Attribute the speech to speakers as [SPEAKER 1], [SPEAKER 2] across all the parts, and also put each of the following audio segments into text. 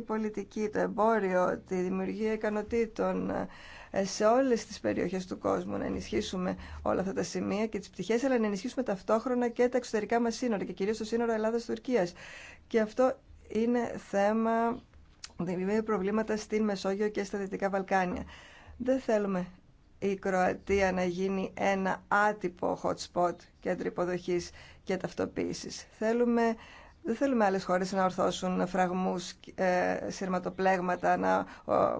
[SPEAKER 1] πολιτική, το εμπόριο, τη δημιουργία ικανοτήτων ε, σε όλες τις περιοχές του κόσμου να ενισχύσουμε όλα αυτά τα σημεία και τις πτυχές αλλά να ενισχύσουμε ταυτόχρονα και τα εξωτερικά μας σύνορα και κυρίως το σύνορο Ελλάδας-Τουρκίας και αυτό είναι θέμα δημιουργεί προβλήματα στην Μεσόγειο και στα Δυτικά Βαλκάνια. Δεν θέλουμε η Κροατία να γίνει ένα άτυπο hot spot κέντρο υποδοχής και ταυτοποίησης. Θέλουμε δεν θέλουμε άλλες χώρες να ορθώσουν φραγμούς, ε, σειρματοπλέγματα, να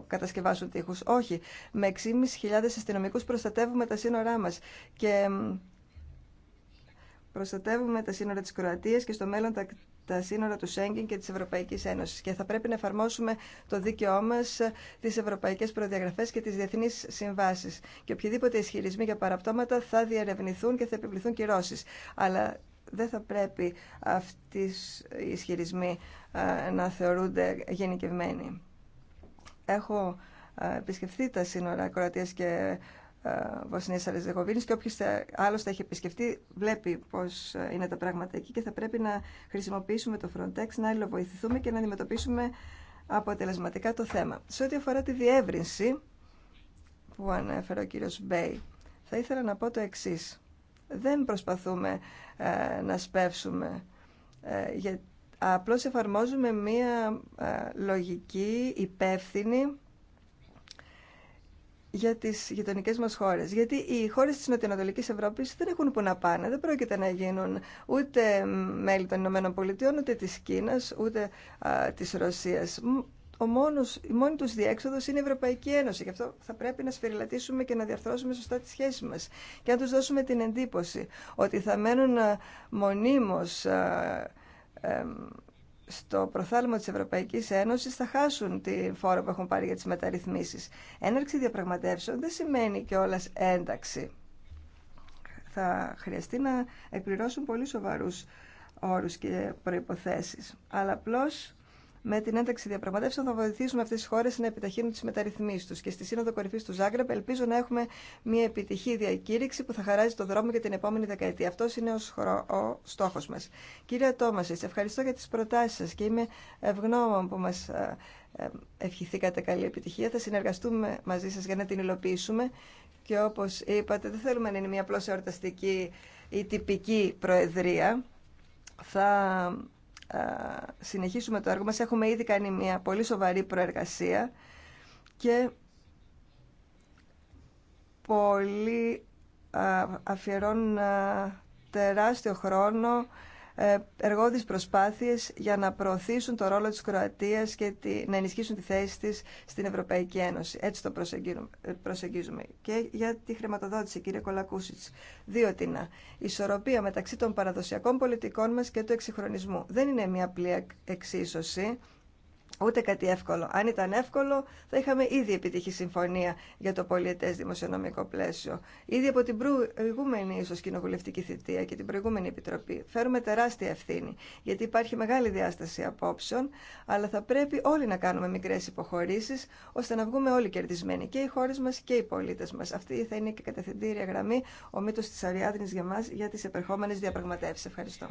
[SPEAKER 1] κατασκευάσουν τείχους. Όχι. Με 6.500 αστυνομικούς προστατεύουμε τα σύνορά μας. Και προστατεύουμε τα σύνορα της Κροατίας και στο μέλλον τα, σύνορα του Σέγγιν και της Ευρωπαϊκής Ένωσης. Και θα πρέπει να εφαρμόσουμε το δίκαιό μας, ε, τις ευρωπαϊκές προδιαγραφές και τις διεθνείς συμβάσεις. Και οποιοδήποτε ισχυρισμοί για παραπτώματα θα διερευνηθούν και θα επιβληθούν κυρώσεις. Αλλά δεν θα πρέπει αυτοί οι ισχυρισμοί να θεωρούνται γενικευμένοι. Έχω επισκεφθεί τα σύνορα Κροατίας και Βοσνίας Αρεζεγοβίνης και όποιος άλλος τα έχει επισκεφτεί βλέπει πώς είναι τα πράγματα εκεί και θα πρέπει να χρησιμοποιήσουμε το Frontex, να αλληλοβοηθηθούμε και να αντιμετωπίσουμε αποτελεσματικά το θέμα. Σε ό,τι αφορά τη διεύρυνση που ανέφερε ο κύριος Μπέι, θα ήθελα να πω το εξής δεν προσπαθούμε ε, να σπεύσουμε. Ε, για, απλώς εφαρμόζουμε μία ε, λογική υπεύθυνη για τις γειτονικέ μας χώρες. Γιατί οι χώρες της Νοτιοανατολικής Ευρώπης δεν έχουν που να πάνε. Δεν πρόκειται να γίνουν ούτε μέλη των Ηνωμένων Πολιτειών, ούτε της Κίνας, ούτε α, της Ρωσίας ο μόνος, η μόνη τους διέξοδος είναι η Ευρωπαϊκή Ένωση. Γι' αυτό θα πρέπει να σφυριλατήσουμε και να διαρθρώσουμε σωστά τις σχέσεις μας και να τους δώσουμε την εντύπωση ότι θα μένουν ε, μονίμως ε, ε, στο προθάλαμο της Ευρωπαϊκής Ένωσης θα χάσουν τη φόρο που έχουν πάρει για τις μεταρρυθμίσεις. Έναρξη διαπραγματεύσεων δεν σημαίνει κιόλα ένταξη. Θα χρειαστεί να εκπληρώσουν πολύ σοβαρούς όρους και προϋποθέσεις. Αλλά απλώς με την ένταξη διαπραγματεύσεων θα βοηθήσουμε αυτέ τι χώρε να επιταχύνουν τι μεταρρυθμίσει του. Και στη Σύνοδο Κορυφή του Ζάγκρεπ ελπίζω να έχουμε μια επιτυχή διακήρυξη που θα χαράζει το δρόμο για την επόμενη δεκαετία. Αυτό είναι ο στόχο μα. Κύριε σα ευχαριστώ για τι προτάσει σα και είμαι ευγνώμων που μα ε, ε, ευχηθήκατε καλή επιτυχία. Θα συνεργαστούμε μαζί σα για να την υλοποιήσουμε. Και όπω είπατε, δεν θέλουμε να είναι μια απλώ εορταστική ή τυπική προεδρία. Θα συνεχίσουμε το έργο μας. Έχουμε ήδη κάνει μια πολύ σοβαρή προεργασία και πολύ αφιερώνουν τεράστιο χρόνο ε, εργόδεις προσπάθειες για να προωθήσουν το ρόλο της Κροατίας και να ενισχύσουν τη θέση της στην Ευρωπαϊκή Ένωση. Έτσι το προσεγγίζουμε. Ε, και για τη χρηματοδότηση, κύριε Κολακούσιτς. Διότι να, ισορροπία μεταξύ των παραδοσιακών πολιτικών μας και του εξυγχρονισμού. Δεν είναι μια απλή εξίσωση Ούτε κάτι εύκολο. Αν ήταν εύκολο, θα είχαμε ήδη επιτύχει συμφωνία για το πολιετέ δημοσιονομικό πλαίσιο. Ήδη από την προηγούμενη ίσω κοινοβουλευτική θητεία και την προηγούμενη επιτροπή φέρουμε τεράστια ευθύνη, γιατί υπάρχει μεγάλη διάσταση απόψεων, αλλά θα πρέπει όλοι να κάνουμε μικρέ υποχωρήσει, ώστε να βγούμε όλοι κερδισμένοι, και οι χώρε μα και οι πολίτε μα. Αυτή θα είναι και κατευθυντήρια γραμμή, ο μύτο τη Αριάδνη για μα για τι επερχόμενε διαπραγματεύσει. Ευχαριστώ.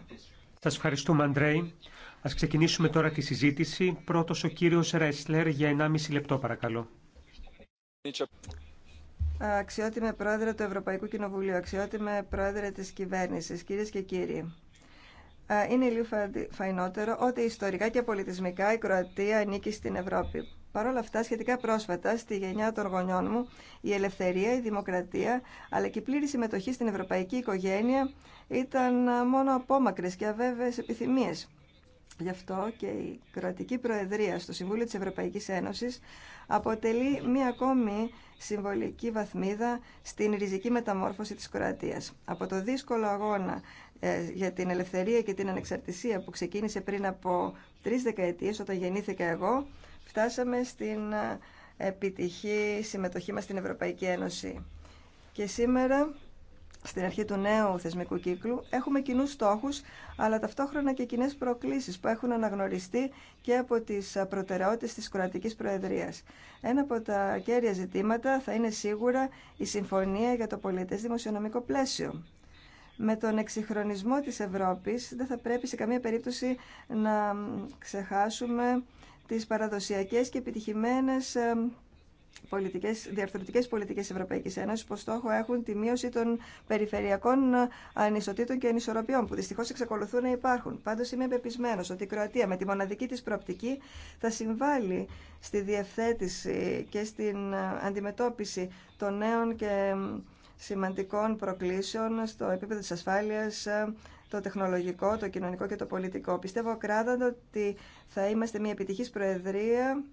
[SPEAKER 2] Σα ευχαριστούμε, Αντρέη. Α ξεκινήσουμε τώρα τη συζήτηση. Πρώτο ο κύριο Ρέσλερ για 1,5 λεπτό παρακαλώ.
[SPEAKER 1] Αξιότιμε πρόεδρε του Ευρωπαϊκού Κοινοβουλίου, αξιότιμε πρόεδρε τη κυβέρνηση, κύριε και κύριοι. Είναι λίγο φαϊνότερο ότι ιστορικά και πολιτισμικά η Κροατία ανήκει στην Ευρώπη. Παρ' όλα αυτά, σχετικά πρόσφατα, στη γενιά των γονιών μου, η ελευθερία, η δημοκρατία, αλλά και η πλήρη συμμετοχή στην ευρωπαϊκή οικογένεια ήταν μόνο απόμακρε και αβέβαιε επιθυμίε. Γι' αυτό και η Κροατική προεδρία στο Συμβούλιο της Ευρωπαϊκής Ένωσης αποτελεί μία ακόμη συμβολική βαθμίδα στην ριζική μεταμόρφωση της Κροατίας. Από το δύσκολο αγώνα ε, για την ελευθερία και την ανεξαρτησία που ξεκίνησε πριν από τρεις δεκαετίες όταν γεννήθηκα εγώ, φτάσαμε στην ε, επιτυχή συμμετοχή μας στην Ευρωπαϊκή Ένωση. Και σήμερα στην αρχή του νέου θεσμικού κύκλου έχουμε κοινού στόχου, αλλά ταυτόχρονα και κοινέ προκλήσεις που έχουν αναγνωριστεί και από τις προτεραιότητε τη Κροατική Προεδρία. Ένα από τα κέρια ζητήματα θα είναι σίγουρα η συμφωνία για το Πολιτέ δημοσιονομικό πλαίσιο. Με τον εξυγχρονισμό της Ευρώπης δεν θα πρέπει σε καμία περίπτωση να ξεχάσουμε τις παραδοσιακές και επιτυχημένες ε, πολιτικές, διαρθρωτικές πολιτικές Ευρωπαϊκής Ένωσης που στόχο έχουν τη μείωση των περιφερειακών ανισοτήτων και ανισορροπιών που δυστυχώς εξακολουθούν να υπάρχουν. Πάντως είμαι πεπισμένος ότι η Κροατία με τη μοναδική της προοπτική θα συμβάλλει στη διευθέτηση και στην αντιμετώπιση των νέων και σημαντικών προκλήσεων στο επίπεδο της ασφάλειας, το τεχνολογικό, το κοινωνικό και το πολιτικό. Πιστεύω ακράδαντα ότι θα είμαστε μια επιτυχής προεδρία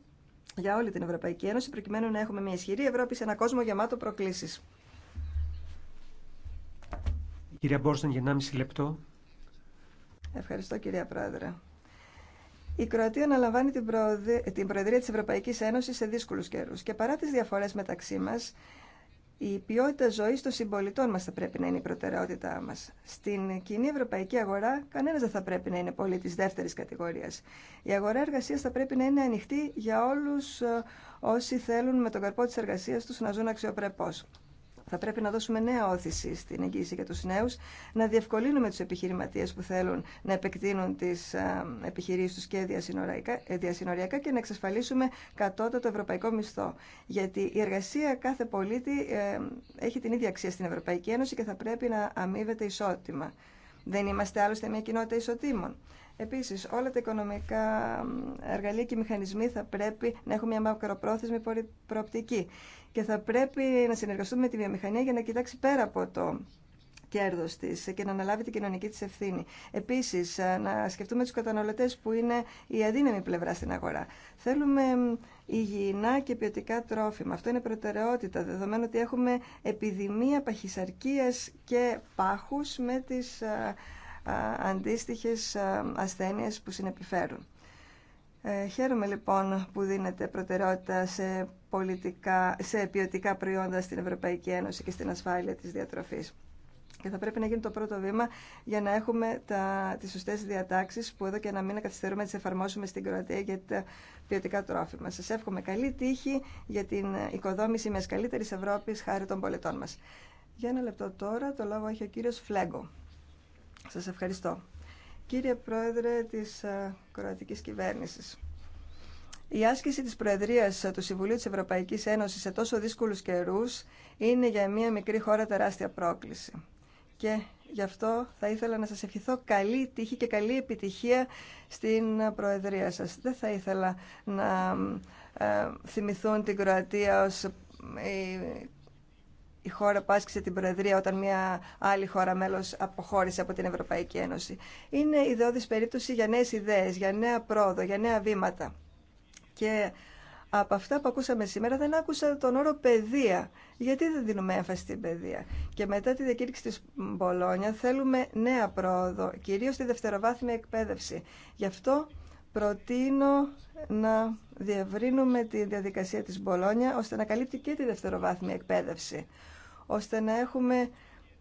[SPEAKER 1] για όλη την Ευρωπαϊκή Ένωση, προκειμένου να έχουμε μια ισχυρή Ευρώπη σε ένα κόσμο γεμάτο προκλήσεις.
[SPEAKER 2] Κυρία Μπόρσον, για 1,5 λεπτό.
[SPEAKER 1] Ευχαριστώ, κυρία Πρόεδρε. Η Κροατία αναλαμβάνει την, προεδρία της Ευρωπαϊκής Ένωσης σε δύσκολους καιρούς και παρά τις διαφορές μεταξύ μας, η ποιότητα ζωή των συμπολιτών μας θα πρέπει να είναι η προτεραιότητά μας. Στην κοινή ευρωπαϊκή αγορά κανένας δεν θα πρέπει να είναι πολίτης δεύτερης κατηγορίας. Η αγορά εργασία θα πρέπει να είναι ανοιχτή για όλους ε, όσοι θέλουν με τον καρπό της εργασίας τους να ζουν αξιοπρεπώς. Θα πρέπει να δώσουμε νέα όθηση στην εγγύηση για του νέου να διευκολύνουμε του επιχειρηματίες που θέλουν να επεκτείνουν τις ε, επιχειρήσεις τους και ε, διασυνοριακά και να εξασφαλίσουμε κατώτατο ευρωπαϊκό μισθό. Γιατί η εργασία κάθε πολίτη ε, έχει την ίδια αξία στην Ευρωπαϊκή Ένωση και θα πρέπει να αμείβεται ισότιμα. Δεν είμαστε άλλωστε μια κοινότητα ισοτήμων. Επίσης, όλα τα οικονομικά εργαλεία και μηχανισμοί θα πρέπει να έχουν μια μακροπρόθεσμη προοπτική και θα πρέπει να συνεργαστούμε με τη βιομηχανία για να κοιτάξει πέρα από το κέρδος της και να αναλάβει την κοινωνική της ευθύνη. Επίσης, ε, να σκεφτούμε τους καταναλωτές που είναι η αδύναμη πλευρά στην αγορά. Θέλουμε υγιεινά και ποιοτικά τρόφιμα. Αυτό είναι προτεραιότητα, δεδομένου ότι έχουμε επιδημία παχυσαρκίας και πάχους με τις ε, αντίστοιχες ασθένειες που συνεπιφέρουν. Ε, χαίρομαι λοιπόν που δίνεται προτεραιότητα σε, πολιτικά, σε ποιοτικά προϊόντα στην Ευρωπαϊκή Ένωση και στην ασφάλεια της διατροφής. Και θα πρέπει να γίνει το πρώτο βήμα για να έχουμε τα, τις σωστές διατάξεις που εδώ και να μήνα καθυστερούμε να τις εφαρμόσουμε στην Κροατία για τα ποιοτικά τρόφιμα. Σας εύχομαι καλή τύχη για την οικοδόμηση μιας καλύτερης Ευρώπης χάρη των πολιτών μας. Για ένα λεπτό τώρα το λόγο έχει ο κύριο Φλέγκο. Σας ευχαριστώ. Κύριε Πρόεδρε της ε, Κροατικής Κυβέρνησης, η άσκηση της Προεδρίας του Συμβουλίου της Ευρωπαϊκής Ένωσης σε τόσο δύσκολους καιρούς είναι για μια μικρή χώρα τεράστια πρόκληση. Και γι' αυτό θα ήθελα να σας ευχηθώ καλή τύχη και καλή επιτυχία στην Προεδρία σας. Δεν θα ήθελα να ε, θυμηθούν την Κροατία ως ε, η η χώρα που άσκησε την Προεδρία όταν μια άλλη χώρα μέλος αποχώρησε από την Ευρωπαϊκή Ένωση. Είναι ιδεώδης περίπτωση για νέες ιδέες, για νέα πρόοδο, για νέα βήματα. Και από αυτά που ακούσαμε σήμερα δεν άκουσα τον όρο παιδεία. Γιατί δεν δίνουμε έμφαση στην παιδεία. Και μετά τη διακήρυξη της Μπολόνια θέλουμε νέα πρόοδο, κυρίως τη δευτεροβάθμια εκπαίδευση. Γι' αυτό προτείνω να διευρύνουμε τη διαδικασία της Μπολόνια ώστε να καλύπτει και τη δευτεροβάθμια εκπαίδευση ώστε να έχουμε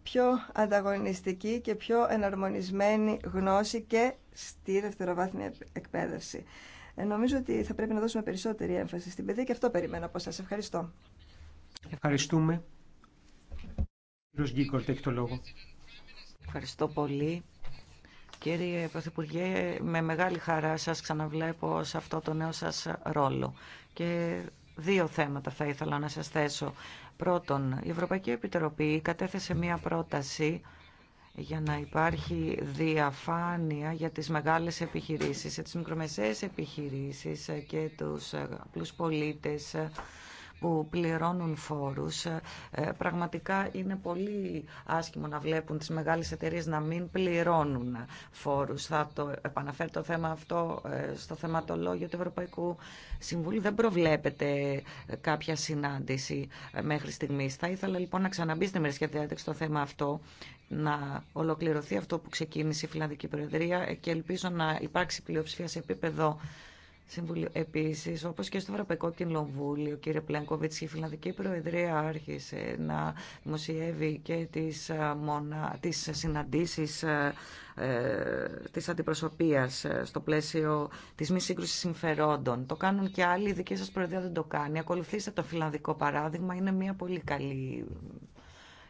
[SPEAKER 1] πιο ανταγωνιστική και πιο εναρμονισμένη γνώση και στη δευτεροβάθμια εκπαίδευση. Ε, νομίζω ότι θα πρέπει να δώσουμε περισσότερη έμφαση στην παιδεία και αυτό περιμένω από σας. Ευχαριστώ.
[SPEAKER 2] Ευχαριστούμε. Κύριος το λόγο.
[SPEAKER 3] Ευχαριστώ πολύ. Κύριε Πρωθυπουργέ, με μεγάλη χαρά σας ξαναβλέπω σε αυτό το νέο σας ρόλο. Και δύο θέματα θα ήθελα να σας θέσω. Πρώτον, η Ευρωπαϊκή Επιτροπή κατέθεσε μία πρόταση για να υπάρχει διαφάνεια για τις μεγάλες επιχειρήσεις, για τις μικρομεσαίες επιχειρήσεις και τους απλούς πολίτες που πληρώνουν φόρους. Ε, ε, πραγματικά είναι πολύ άσχημο να βλέπουν τις μεγάλες εταιρείε να μην πληρώνουν φόρους. Θα το επαναφέρω το θέμα αυτό ε, στο θεματολόγιο του Ευρωπαϊκού Συμβούλου. Δεν προβλέπεται κάποια συνάντηση μέχρι στιγμής. Θα ήθελα λοιπόν να ξαναμπεί στην μερική διάταξη το θέμα αυτό να ολοκληρωθεί αυτό που ξεκίνησε η Φιλανδική Προεδρία και ελπίζω να υπάρξει πλειοψηφία σε επίπεδο Συμβουλίο. Επίση, όπω και στο Ευρωπαϊκό Κοινοβούλιο, κύριε Πλένκοβιτ, η Φιλανδική Προεδρία άρχισε να δημοσιεύει και τι τις συναντήσει ε, τη αντιπροσωπεία ε, στο πλαίσιο τη μη σύγκρουση συμφερόντων. Το κάνουν και άλλοι, η δική σα Προεδρία δεν το κάνει. Ακολουθήστε το φιλανδικό παράδειγμα, είναι μια πολύ καλή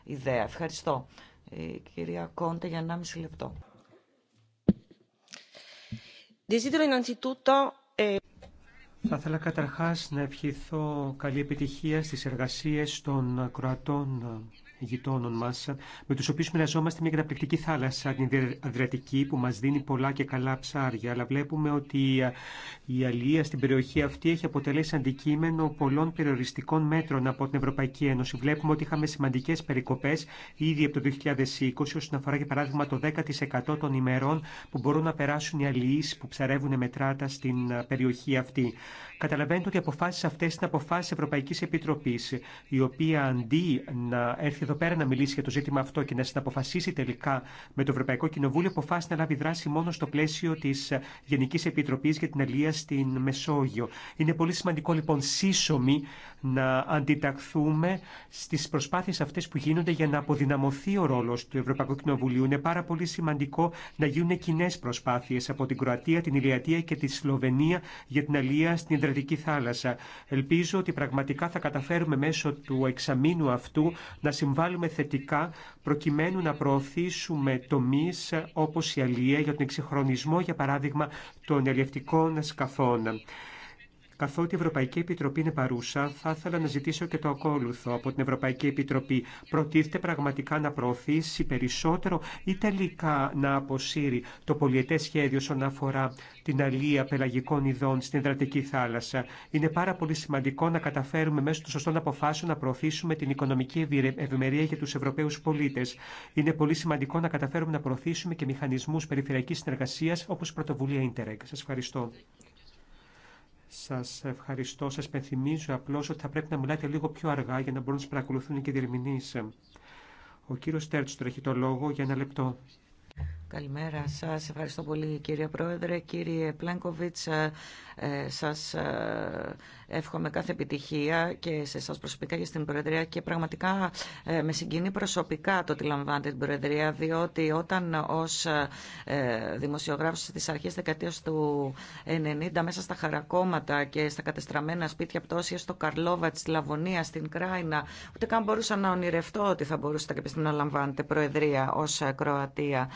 [SPEAKER 3] ιδέα. Ευχαριστώ. Η ε, κυρία Κόντε για 1,5 λεπτό. Desidero innanzitutto
[SPEAKER 2] θα ήθελα καταρχάς να ευχηθώ καλή επιτυχία στις εργασίες των Κροατών γειτόνων μα, με του οποίου μοιραζόμαστε μια καταπληκτική θάλασσα, την Αδριατική, που μα δίνει πολλά και καλά ψάρια. Αλλά βλέπουμε ότι ε, η αλληλεία στην περιοχή αυτή έχει αποτελέσει αντικείμενο πολλών περιοριστικών μέτρων από την Ευρωπαϊκή Ένωση. Βλέπουμε ότι είχαμε σημαντικέ περικοπέ ήδη από το 2020, όσον αφορά για παράδειγμα το 10% των ημερών που μπορούν να περάσουν οι αλληλεί που ψαρεύουν μετράτα στην ε, περιοχή αυτή. Καταλαβαίνετε ότι οι αποφάσει αυτέ είναι αποφάσει Ευρωπαϊκή Επιτροπή, η οποία αντί να έρθει εδώ πέρα να μιλήσει για το ζήτημα αυτό και να συναποφασίσει τελικά με το Ευρωπαϊκό Κοινοβούλιο, αποφάσισε να λάβει δράση μόνο στο πλαίσιο τη Γενική Επιτροπή για την Αλία στην Μεσόγειο. Είναι πολύ σημαντικό λοιπόν σύσσωμη να αντιταχθούμε στι προσπάθειε αυτέ που γίνονται για να αποδυναμωθεί ο ρόλο του Ευρωπαϊκού Κοινοβουλίου. Είναι πάρα πολύ σημαντικό να γίνουν κοινέ προσπάθειε από την Κροατία, την Ιλιατία και τη Σλοβενία για την Αλία στην Ιδρυτική Θάλασσα. Ελπίζω ότι πραγματικά θα καταφέρουμε μέσω του εξαμήνου αυτού να συμβάλλουμε Βάλουμε θετικά προκειμένου να προωθήσουμε τομεί όπω η αλία για τον εξυγχρονισμό, για παράδειγμα, των ελευτικών σκαφών. Καθότι η Ευρωπαϊκή Επιτροπή είναι παρούσα, θα ήθελα να ζητήσω και το ακόλουθο από την Ευρωπαϊκή Επιτροπή. Προτίθεται πραγματικά να προωθήσει περισσότερο ή τελικά να αποσύρει το πολιετές σχέδιο όσον αφορά την αλία πελαγικών ειδών στην Ιδρατική θάλασσα. Είναι πάρα πολύ σημαντικό να καταφέρουμε μέσω των σωστών αποφάσεων να προωθήσουμε την οικονομική ευημερία για του Ευρωπαίου πολίτε. Είναι πολύ σημαντικό να καταφέρουμε να προωθήσουμε και μηχανισμού περιφερειακή συνεργασία όπω πρωτοβουλία Interreg. Σα ευχαριστώ. Σας ευχαριστώ. Σας πενθυμίζω απλώς ότι θα πρέπει να μιλάτε λίγο πιο αργά για να μπορούν να παρακολουθούν και οι διερμηνείς. Ο κύριος Τέρτσου τρέχει το λόγο για ένα λεπτό.
[SPEAKER 3] Καλημέρα σας. Ευχαριστώ πολύ κύριε Πρόεδρε. Κύριε Πλένκοβιτς, ε, ε, σας ε, εύχομαι κάθε επιτυχία και σε σας προσωπικά και στην Προεδρία και πραγματικά με συγκινεί προσωπικά το ότι λαμβάνετε την Προεδρία διότι όταν ως δημοσιογράφος στις αρχές δεκαετίας του 90 μέσα στα χαρακόμματα και στα κατεστραμμένα σπίτια πτώσια στο Καρλόβα της Λαβωνία στην Κράινα ούτε καν μπορούσα να ονειρευτώ ότι θα μπορούσατε και να λαμβάνετε Προεδρία ως Κροατία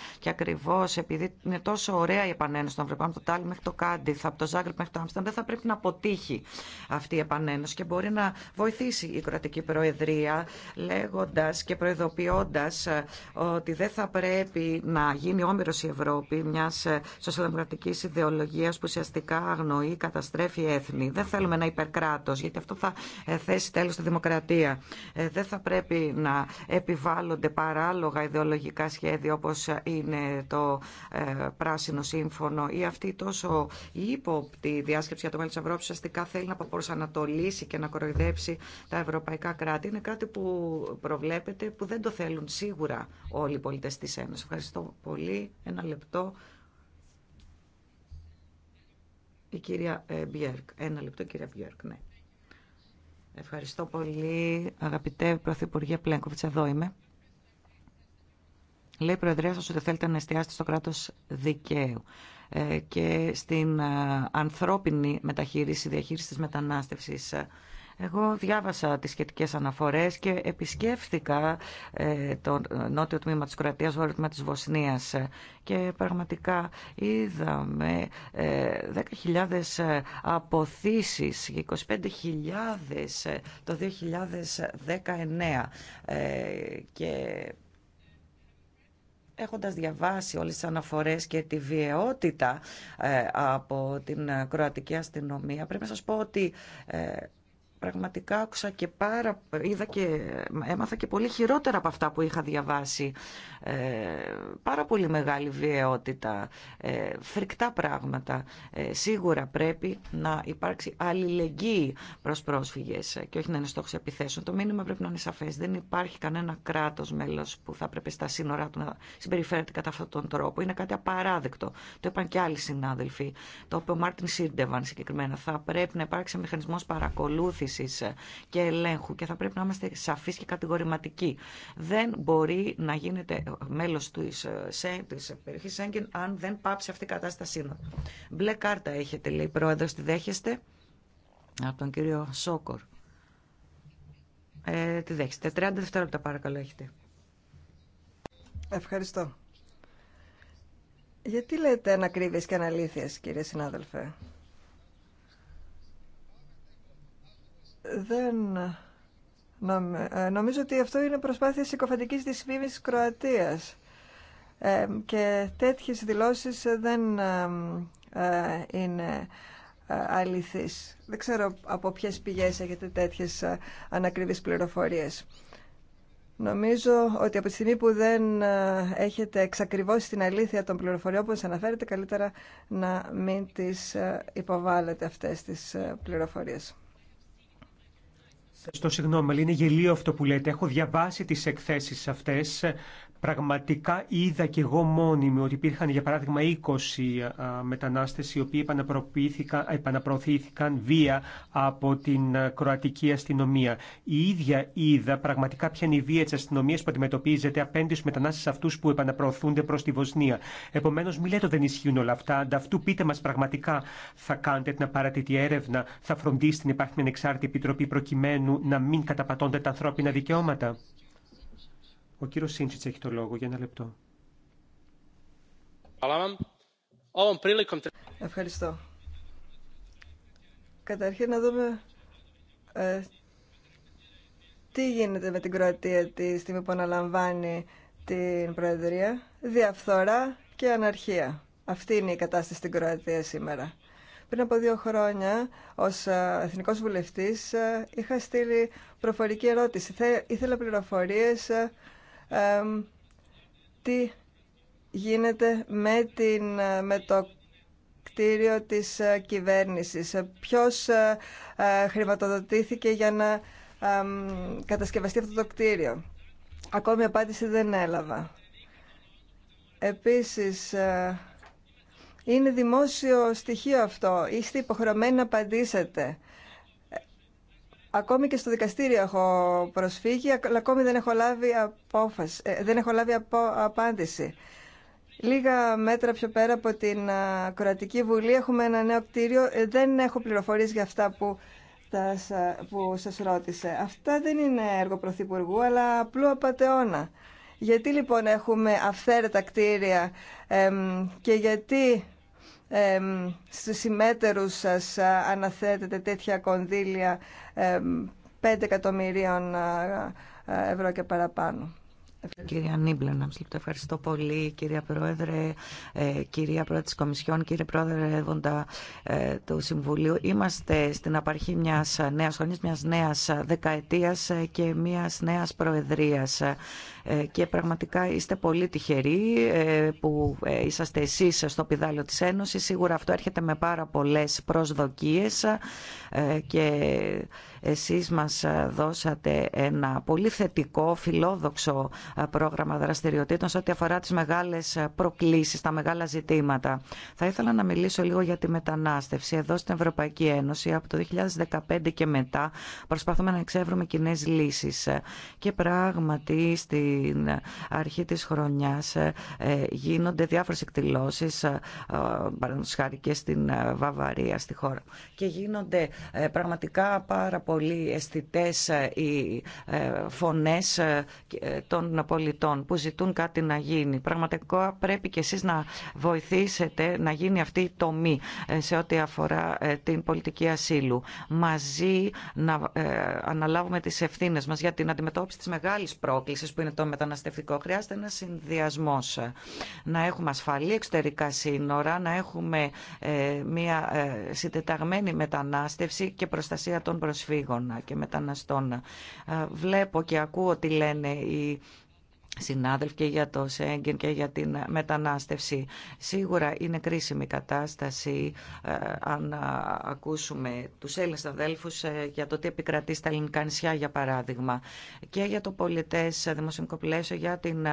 [SPEAKER 3] ακριβώ επειδή είναι τόσο ωραία η επανένωση των Ευρωπαίων από το Τάλι μέχρι το Κάντιθ, από το Ζάγκρεπ μέχρι το Άμστερνταμ, δεν θα πρέπει να αποτύχει αυτή η επανένωση και μπορεί να βοηθήσει η κρατική Προεδρία λέγοντα και προειδοποιώντα ε, ότι δεν θα πρέπει να γίνει όμοιρο η Ευρώπη μια ε, σοσιαλδημοκρατική ιδεολογία που ουσιαστικά αγνοεί, καταστρέφει έθνη. Δεν θέλουμε ένα υπερκράτο, γιατί αυτό θα ε, θέσει τέλο στη δημοκρατία. Δεν θα πρέπει να επιβάλλονται παράλογα ιδεολογικά σχέδια όπω είναι το ε, Πράσινο Σύμφωνο ή αυτή η τόσο ύποπτη διάσκεψη για το μέλλον τη Ευρώπη ουσιαστικά θέλει να προσανατολίσει και να κοροϊδέψει τα ευρωπαϊκά κράτη. Είναι κάτι που προβλέπεται που δεν το θέλουν σίγουρα όλοι οι πολίτε τη Ένωση. Ευχαριστώ πολύ. Ένα λεπτό. Η κυρία ε, Μπιέρκ. Ένα λεπτό, κυρία Μπιέρκ, ναι. Ευχαριστώ πολύ, αγαπητέ Πρωθυπουργέ Πλέγκοβιτς, εδώ είμαι. Λέει η Προεδρία σας ότι θέλετε να εστιάσετε στο κράτος δικαίου ε, και στην ε, ανθρώπινη μεταχείριση, διαχείριση της μετανάστευσης. Εγώ διάβασα τις σχετικές αναφορές και επισκέφθηκα ε, το νότιο τμήμα της Κροατίας, βόρειο τμήμα της Βοσνίας και πραγματικά είδαμε 10.000 αποθήσεις και 25.000 το 2019 και Έχοντας διαβάσει όλες τις αναφορές και τη βιαιότητα ε, από την ε, κροατική αστυνομία, πρέπει να σας πω ότι ε, πραγματικά άκουσα και πάρα, είδα και έμαθα και πολύ χειρότερα από αυτά που είχα διαβάσει. Ε, πάρα πολύ μεγάλη βιαιότητα, ε, φρικτά πράγματα. Ε, σίγουρα πρέπει να υπάρξει αλληλεγγύη προς πρόσφυγες και όχι να είναι στόχος επιθέσεων. Το μήνυμα πρέπει να είναι σαφές. Δεν υπάρχει κανένα κράτος μέλος που θα πρέπει στα σύνορά του να συμπεριφέρεται κατά αυτόν τον τρόπο. Είναι κάτι απαράδεκτο. Το είπαν και άλλοι συνάδελφοι. Το είπε ο Μάρτιν Σίρντεβαν συγκεκριμένα. Θα πρέπει να υπάρξει μηχανισμός παρακολούθηση. Ε, και ελέγχου και θα πρέπει να είμαστε σαφεί και κατηγορηματικοί. Δεν μπορεί να γίνεται μέλο τη ε, περιοχή Σέγγεν αν δεν πάψει αυτή η κατάστασή Μπλε κάρτα έχετε, λέει η στη τη δέχεστε από τον κύριο Σόκορ. Ε, τη δέχεστε. 30 δευτερόλεπτα παρακαλώ έχετε. Ευχαριστώ. Γιατί
[SPEAKER 1] λέτε ανακρίβειες και αναλήθειες, κύριε συνάδελφε. δεν... Ε, νομίζω ότι αυτό είναι προσπάθεια συκοφαντικής δυσφήμισης Κροατίας ε, και τέτοιες δηλώσεις δεν ε, είναι αληθείς. Δεν ξέρω από ποιες πηγές έχετε τέτοιες ανακριβείς πληροφορίες. Νομίζω ότι από τη στιγμή που δεν έχετε εξακριβώσει την αλήθεια των πληροφοριών που σας αναφέρετε, καλύτερα να μην τις υποβάλλετε αυτές τις πληροφορίες.
[SPEAKER 2] Στο συγγνώμη, είναι γελίο αυτό που λέτε. Έχω διαβάσει τις εκθέσεις αυτές. Πραγματικά είδα και εγώ μόνη μου ότι υπήρχαν για παράδειγμα 20 μετανάστες οι οποίοι επαναπροωθήθηκαν βία από την κροατική αστυνομία. Η ίδια είδα πραγματικά ποια είναι η βία της αστυνομίας που αντιμετωπίζεται απέναντι στους μετανάστες αυτούς που επαναπροωθούνται προς τη Βοσνία. Επομένως μη λέτε δεν ισχύουν όλα αυτά. Ανταυτού πείτε μας πραγματικά θα κάνετε την απαραίτητη έρευνα, θα φροντίσετε την υπάρχει μια ανεξάρτητη επιτροπή προκειμένου να μην καταπατώνται τα ανθρώπινα δικαιώματα. Ο κύριο Σίντσιτ έχει το λόγο για ένα λεπτό.
[SPEAKER 1] Ευχαριστώ. Καταρχήν να δούμε ε, τι γίνεται με την Κροατία τη στιγμή που αναλαμβάνει την Προεδρία. Διαφθορά και αναρχία. Αυτή είναι η κατάσταση στην Κροατία σήμερα. Πριν από δύο χρόνια, ως ε, Εθνικός Βουλευτής, ε, είχα στείλει προφορική ερώτηση. Ήθελα πληροφορίες τι γίνεται με, την, με το κτίριο της ε, κυβέρνησης. Ε, ποιος ε, χρηματοδοτήθηκε για να κατασκευαστεί αυτό το κτίριο. Ακόμη απάντηση δεν έλαβα. Επίσης, είναι δημόσιο στοιχείο αυτό. Είστε υποχρεωμένοι να απαντήσετε. Ακόμη και στο δικαστήριο έχω προσφύγει, αλλά ακόμη δεν έχω λάβει, απόφαση, ε, δεν έχω λάβει απάντηση. Λίγα μέτρα πιο πέρα από την Κροατική Βουλή έχουμε ένα νέο κτίριο. Ε, δεν έχω πληροφορίες για αυτά που, τα, που σας ρώτησε. Αυτά δεν είναι έργο Πρωθυπουργού, αλλά απλού απαταιώνα. Γιατί λοιπόν έχουμε αυθαίρετα κτίρια και γιατί ε, στους συμμέτερους σας αναθέτετε τέτοια κονδύλια 5 εκατομμυρίων ευρώ και παραπάνω.
[SPEAKER 3] Κυρία Νίμπλε, να Ευχαριστώ πολύ, κυρία Πρόεδρε, ε, κυρία Πρόεδρε τη Κομισιόν, κύριε Πρόεδρε Εύοντα ε, του Συμβουλίου. Είμαστε στην απαρχή μιας νέας χρονιάς, μιας νέας δεκαετίας και μιας νέας προεδρίας. Ε, και πραγματικά είστε πολύ τυχεροί ε, που ε, είσαστε εσείς στο πιδάλιο της Ένωσης. Σίγουρα αυτό έρχεται με πάρα πολλές προσδοκίες και εσείς μας δώσατε ένα πολύ θετικό, φιλόδοξο πρόγραμμα δραστηριοτήτων σε ό,τι αφορά τις μεγάλες προκλήσεις, τα μεγάλα ζητήματα. Θα ήθελα να μιλήσω λίγο για τη μετανάστευση. Εδώ στην Ευρωπαϊκή Ένωση από το 2015 και μετά προσπαθούμε να εξεύρουμε κοινέ λύσεις. Και πράγματι στην αρχή της χρονιάς ε, γίνονται διάφορες εκδηλώσεις, ε, ε, παραδείγματος και στην Βαβαρία, στη χώρα. Και γίνονται πραγματικά πάρα πολύ αισθητέ οι φωνές των πολιτών που ζητούν κάτι να γίνει. Πραγματικά πρέπει και εσείς να βοηθήσετε να γίνει αυτή η τομή σε ό,τι αφορά την πολιτική ασύλου. Μαζί να αναλάβουμε τις ευθύνες μας για την αντιμετώπιση της μεγάλης πρόκλησης που είναι το μεταναστευτικό. Χρειάζεται ένα συνδυασμό. Να έχουμε ασφαλή εξωτερικά σύνορα, να έχουμε ε, μια ε, συντεταγμένη μετανάστευση και προστασία των προσφύγων και μεταναστών. Ε, βλέπω και ακούω τι λένε οι συνάδελφοι και για το Σέγγεν και για την μετανάστευση. Σίγουρα είναι κρίσιμη η κατάσταση ε, αν ακούσουμε τους Έλληνες αδέλφους ε, για το τι επικρατεί στα ελληνικά νησιά για παράδειγμα και για το πολιτές δημοσιονομικό πλαίσιο για την ε,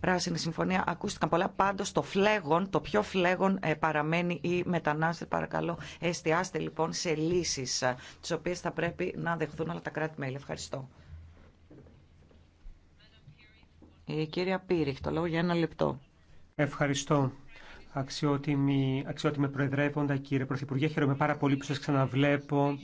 [SPEAKER 3] Πράσινη Συμφωνία ακούστηκαν πολλά πάντως το φλέγον, το πιο φλέγον παραμένει η μετανάστευση παρακαλώ εστιάστε λοιπόν σε λύσεις τις οποίες θα πρέπει να δεχθούν όλα τα κράτη-μέλη. Ευχαριστώ.
[SPEAKER 2] Η κυρία Πύριχ, το λόγο για ένα λεπτό. Ευχαριστώ. Αξιότιμη, αξιότιμη Προεδρεύοντα, κύριε Πρωθυπουργέ, χαίρομαι πάρα πολύ που σας ξαναβλέπω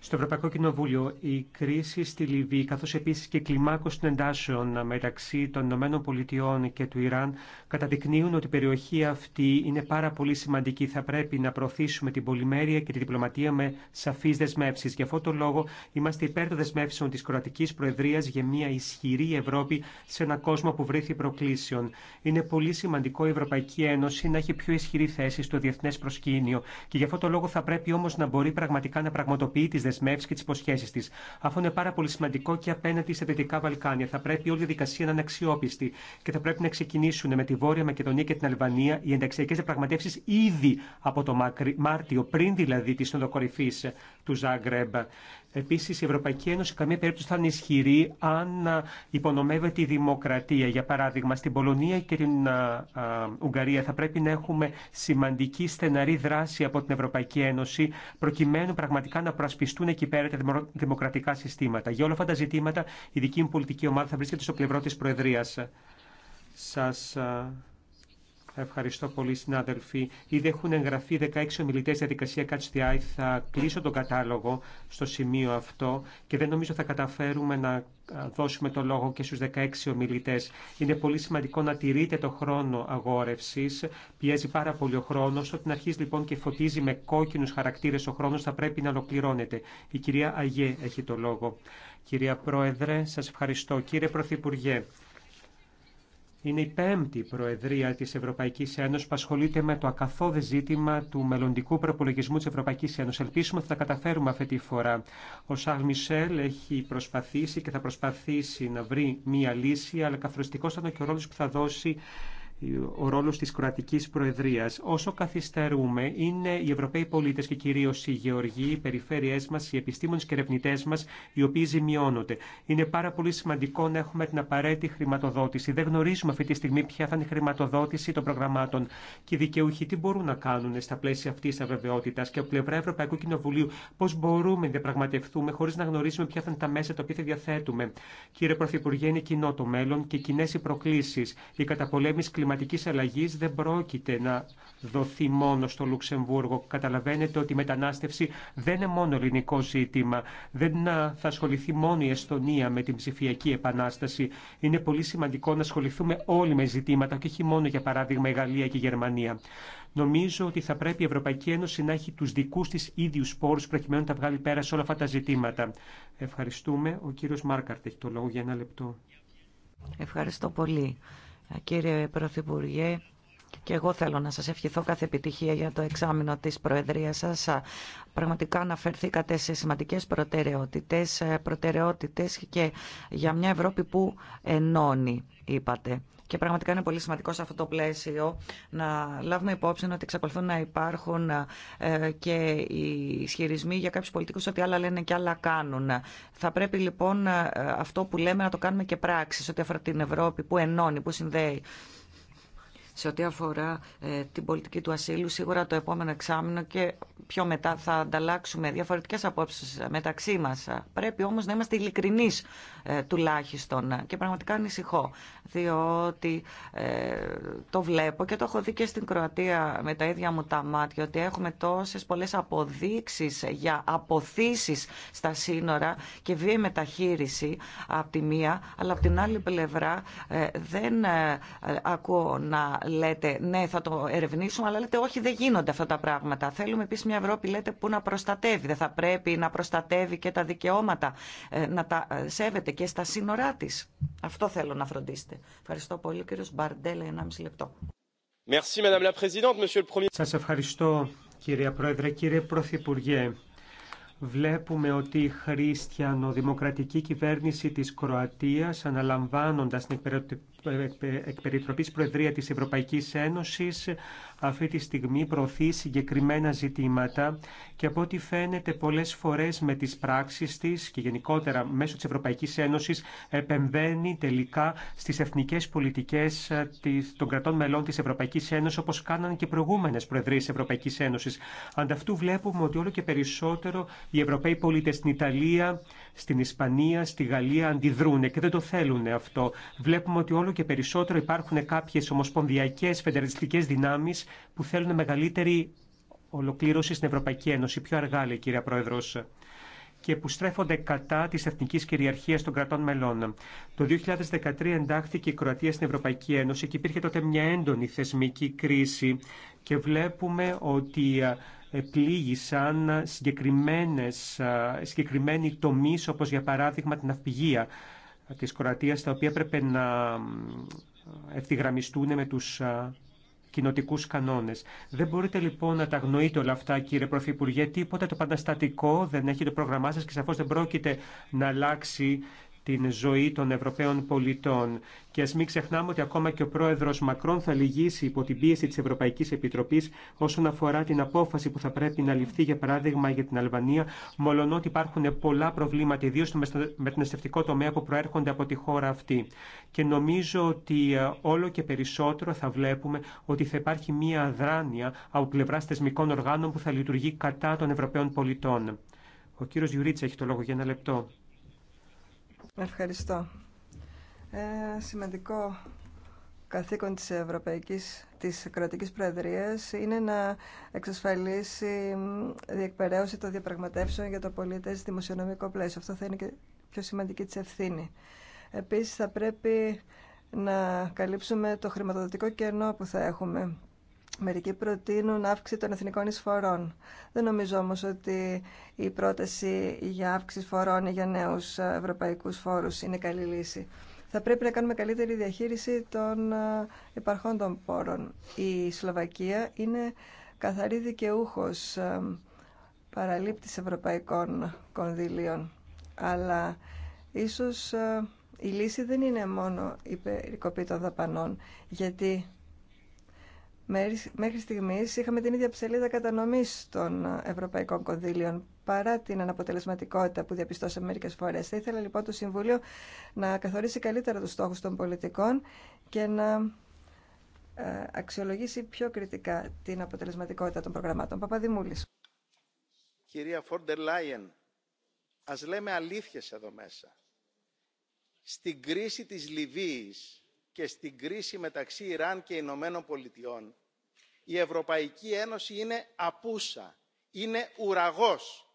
[SPEAKER 2] στο Ευρωπαϊκό Κοινοβούλιο η κρίση στη Λιβύη, καθώς επίσης και η κλιμάκωση των εντάσεων μεταξύ των Ηνωμένων Πολιτειών και του Ιράν, καταδεικνύουν ότι η περιοχή αυτή είναι πάρα πολύ σημαντική. Θα πρέπει να προωθήσουμε την πολυμέρεια και τη διπλωματία με σαφεί δεσμεύσει. Γι' αυτό το λόγο είμαστε υπέρ των δεσμεύσεων τη Κροατική Προεδρία για μια ισχυρή Ευρώπη σε ένα κόσμο που βρήθη προκλήσεων. Είναι πολύ σημαντικό η Ευρωπαϊκή Ένωση να έχει πιο ισχυρή θέση στο διεθνέ προσκήνιο. Και γι' αυτό το λόγο θα πρέπει όμω να μπορεί πραγματικά να πραγματοποιεί τι δεσμεύσει δεσμεύσει και τι υποσχέσει τη. Αυτό είναι πάρα πολύ σημαντικό και απέναντι στα Δυτικά Βαλκάνια. Θα πρέπει όλη η διαδικασία να είναι αξιόπιστη και θα πρέπει να ξεκινήσουν με τη Βόρεια Μακεδονία και την Αλβανία οι ενταξιακέ διαπραγματεύσει ήδη από το Μάρτιο, πριν δηλαδή τη συνοδοκορυφή του Ζάγκρεμπ. Επίση, η Ευρωπαϊκή Ένωση καμία περίπτωση θα είναι ισχυρή αν υπονομεύεται η δημοκρατία. Για παράδειγμα, στην Πολωνία και την Ουγγαρία θα πρέπει να έχουμε σημαντική στεναρή δράση από την Ευρωπαϊκή Ένωση, προκειμένου πραγματικά να προασπιστούν εκεί πέρα τα δημοκρατικά συστήματα. Για όλα αυτά τα ζητήματα, η δική μου πολιτική ομάδα θα βρίσκεται στο πλευρό τη Προεδρία. Σα. Ευχαριστώ πολύ, συνάδελφοι. Ήδη έχουν εγγραφεί 16 ομιλητέ διαδικασία Eye. Θα κλείσω τον κατάλογο στο σημείο αυτό και δεν νομίζω θα καταφέρουμε να δώσουμε το λόγο και στους 16 ομιλητές. Είναι πολύ σημαντικό να τηρείτε το χρόνο αγόρευσης. Πιέζει πάρα πολύ ο χρόνος. Όταν αρχίζει λοιπόν και φωτίζει με κόκκινους χαρακτήρες ο χρόνος θα πρέπει να ολοκληρώνεται. Η κυρία Αγέ έχει το λόγο. Κυρία Πρόεδρε, σας ευχαριστώ. Κύριε Πρωθυπουργέ, είναι η πέμπτη Προεδρία της Ευρωπαϊκής Ένωσης που ασχολείται με το ακαθόδε ζήτημα του μελλοντικού προπολογισμού της Ευρωπαϊκής Ένωσης. Ελπίσουμε ότι θα τα καταφέρουμε αυτή τη φορά. Ο Σαρλ Μισελ έχει προσπαθήσει και θα προσπαθήσει να βρει μία λύση, αλλά καθοριστικός ήταν και ο ρόλος που θα δώσει ο ρόλο τη κρατική προεδρία, Όσο καθυστερούμε, είναι οι Ευρωπαίοι πολίτε και κυρίω οι γεωργοί, οι περιφέρειέ μα, οι επιστήμονε και ερευνητέ μα, οι οποίοι ζημιώνονται. Είναι πάρα πολύ σημαντικό να έχουμε την απαραίτητη χρηματοδότηση. Δεν γνωρίζουμε αυτή τη στιγμή ποια θα είναι η χρηματοδότηση των προγραμμάτων και οι δικαιούχοι τι μπορούν να κάνουν στα πλαίσια αυτή τη αβεβαιότητα και από πλευρά Ευρωπαϊκού Κοινοβουλίου πώ μπορούμε να διαπραγματευτούμε χωρί να γνωρίζουμε ποια θα είναι τα μέσα τα οποία θα διαθέτουμε. Κύριε Πρωθυπουργέ, είναι κοινό το μέλλον και κοινέ οι προκλήσει. Η καταπολέμηση κλιματικής αλλαγής δεν πρόκειται να δοθεί μόνο στο Λουξεμβούργο. Καταλαβαίνετε ότι η μετανάστευση δεν είναι μόνο ελληνικό ζήτημα. Δεν θα ασχοληθεί μόνο η Εστονία με την ψηφιακή επανάσταση. Είναι πολύ σημαντικό να ασχοληθούμε όλοι με ζητήματα και όχι μόνο για παράδειγμα η Γαλλία και η Γερμανία. Νομίζω ότι θα πρέπει η Ευρωπαϊκή Ένωση να έχει τους δικούς τη ίδιους πόρους προκειμένου να τα βγάλει πέρα σε όλα αυτά τα ζητήματα. Ευχαριστούμε. Ο κύριος Μάρκαρτ έχει το λόγο για ένα λεπτό.
[SPEAKER 3] Ευχαριστώ πολύ. Κύριε Πρωθυπουργέ, και εγώ θέλω να σας ευχηθώ κάθε επιτυχία για το εξάμεινο της Προεδρίας σας. Πραγματικά αναφερθήκατε σε σημαντικές προτεραιότητες, ε, προτεραιότητες και για μια Ευρώπη που ενώνει, είπατε. Και πραγματικά είναι πολύ σημαντικό σε αυτό το πλαίσιο να λάβουμε υπόψη ότι εξακολουθούν να υπάρχουν ε, και οι ισχυρισμοί για κάποιου πολιτικού ότι άλλα λένε και άλλα κάνουν. Θα πρέπει λοιπόν ε, αυτό που λέμε να το κάνουμε και πράξη, ό,τι αφορά την Ευρώπη που ενώνει, που συνδέει σε ό,τι αφορά ε, την πολιτική του ασύλου. Σίγουρα το επόμενο εξάμεινο και πιο μετά θα ανταλλάξουμε διαφορετικές απόψεις μεταξύ μας. Πρέπει όμως να είμαστε ειλικρινεί ε, τουλάχιστον και πραγματικά ανησυχώ διότι ε, το βλέπω και το έχω δει και στην Κροατία με τα ίδια μου τα μάτια ότι έχουμε τόσες πολλές αποδείξεις για αποθήσεις στα σύνορα και βίαιη μεταχείριση από τη μία αλλά από την άλλη πλευρά δεν ακούω να λέτε ναι θα το ερευνήσουμε, αλλά λέτε όχι δεν γίνονται αυτά τα πράγματα. Θέλουμε επίση μια Ευρώπη λέτε που να προστατεύει. Δεν θα πρέπει να προστατεύει και τα δικαιώματα, ε, να τα ε, σέβεται και στα σύνορά τη. Αυτό θέλω να φροντίσετε. Ευχαριστώ πολύ Κύριο Μπαρντέλα, μισή λεπτό.
[SPEAKER 2] Σας ευχαριστώ κύριε Πρόεδρε, κύριε Πρωθυπουργέ. Βλέπουμε ότι η χριστιανοδημοκρατική κυβέρνηση της Κροατίας αναλαμβάνοντας την εκπεριτροπής Προεδρία της Ευρωπαϊκής Ένωσης αυτή τη στιγμή προωθεί συγκεκριμένα ζητήματα και από ό,τι φαίνεται πολλές φορές με τις πράξεις της και γενικότερα μέσω της Ευρωπαϊκής Ένωσης επεμβαίνει τελικά στις εθνικές πολιτικές των κρατών μελών της Ευρωπαϊκής Ένωσης όπως κάναν και προηγούμενες Προεδρίες Ευρωπαϊκής Ένωσης. Ανταυτού βλέπουμε ότι όλο και περισσότερο οι Ευρωπαίοι πολίτες στην Ιταλία στην Ισπανία, στη Γαλλία αντιδρούν και δεν το θέλουν αυτό. Βλέπουμε ότι όλο και περισσότερο υπάρχουν κάποιε ομοσπονδιακέ φεντεραλιστικέ δυνάμει που θέλουν μεγαλύτερη ολοκλήρωση στην Ευρωπαϊκή Ένωση. Πιο αργά, λέει κυρία Πρόεδρο και που στρέφονται κατά τη εθνική κυριαρχία των κρατών μελών. Το 2013 εντάχθηκε η Κροατία στην Ευρωπαϊκή Ένωση και υπήρχε τότε μια έντονη θεσμική κρίση και βλέπουμε ότι επλήγησαν συγκεκριμένες, συγκεκριμένοι τομείς, όπως για παράδειγμα την αυπηγία της Κροατίας, τα οποία έπρεπε να ευθυγραμμιστούν με τους κοινοτικούς κανόνες. Δεν μπορείτε λοιπόν να τα γνωρείτε όλα αυτά, κύριε Πρωθυπουργέ. Τίποτα το πανταστατικό δεν έχει το πρόγραμμά σας και σαφώ δεν πρόκειται να αλλάξει την ζωή των Ευρωπαίων πολιτών. Και α μην ξεχνάμε ότι ακόμα και ο πρόεδρο Μακρόν θα λυγίσει υπό την πίεση τη Ευρωπαϊκή Επιτροπή όσον αφορά την απόφαση που θα πρέπει να ληφθεί, για παράδειγμα, για την Αλβανία, ότι υπάρχουν πολλά προβλήματα, ιδίω στο μεταναστευτικό τομέα που προέρχονται από τη χώρα αυτή. Και νομίζω ότι ε, όλο και περισσότερο θα βλέπουμε ότι θα υπάρχει μία αδράνεια από πλευρά θεσμικών οργάνων που θα λειτουργεί κατά των Ευρωπαίων πολιτών. Ο κύριο Γιουρίτσα έχει το λόγο για ένα λεπτό.
[SPEAKER 1] Ευχαριστώ. Ε, σημαντικό καθήκον της Ευρωπαϊκής της Κρατικής Προεδρίας είναι να εξασφαλίσει διεκπαιρέωση των διαπραγματεύσεων για το πολίτες δημοσιονομικό πλαίσιο. Αυτό θα είναι και πιο σημαντική της ευθύνη. Επίσης θα πρέπει να καλύψουμε το χρηματοδοτικό κενό που θα έχουμε Μερικοί προτείνουν αύξηση των εθνικών εισφορών. Δεν νομίζω όμως ότι η πρόταση για αύξηση φορών ή για νέους ευρωπαϊκούς φόρους είναι καλή λύση. Θα πρέπει να κάνουμε καλύτερη διαχείριση των ε, υπαρχών των πόρων. Η Σλοβακία είναι καθαρή δικαιούχος ε, παραλήπτης ευρωπαϊκών κονδυλίων. Αλλά ίσως ε, η λύση δεν είναι μόνο η περικοπή των δαπανών, γιατί Μέχρι στιγμής είχαμε την ίδια ψελίδα κατανομής των ευρωπαϊκών κονδύλιων παρά την αναποτελεσματικότητα που διαπιστώσαμε μερικές φορές. Θα ήθελα λοιπόν το Συμβούλιο να καθορίσει καλύτερα τους στόχους των πολιτικών και να ε, αξιολογήσει πιο κριτικά την αποτελεσματικότητα των προγραμμάτων. Παπαδημούλης.
[SPEAKER 4] Κυρία Φόρντερ Λάιεν, ας λέμε αλήθειες εδώ μέσα. Στην κρίση της Λιβύης και στην κρίση μεταξύ Ιράν και Ηνωμένων Πολιτειών, η Ευρωπαϊκή Ένωση είναι απούσα, είναι ουραγός.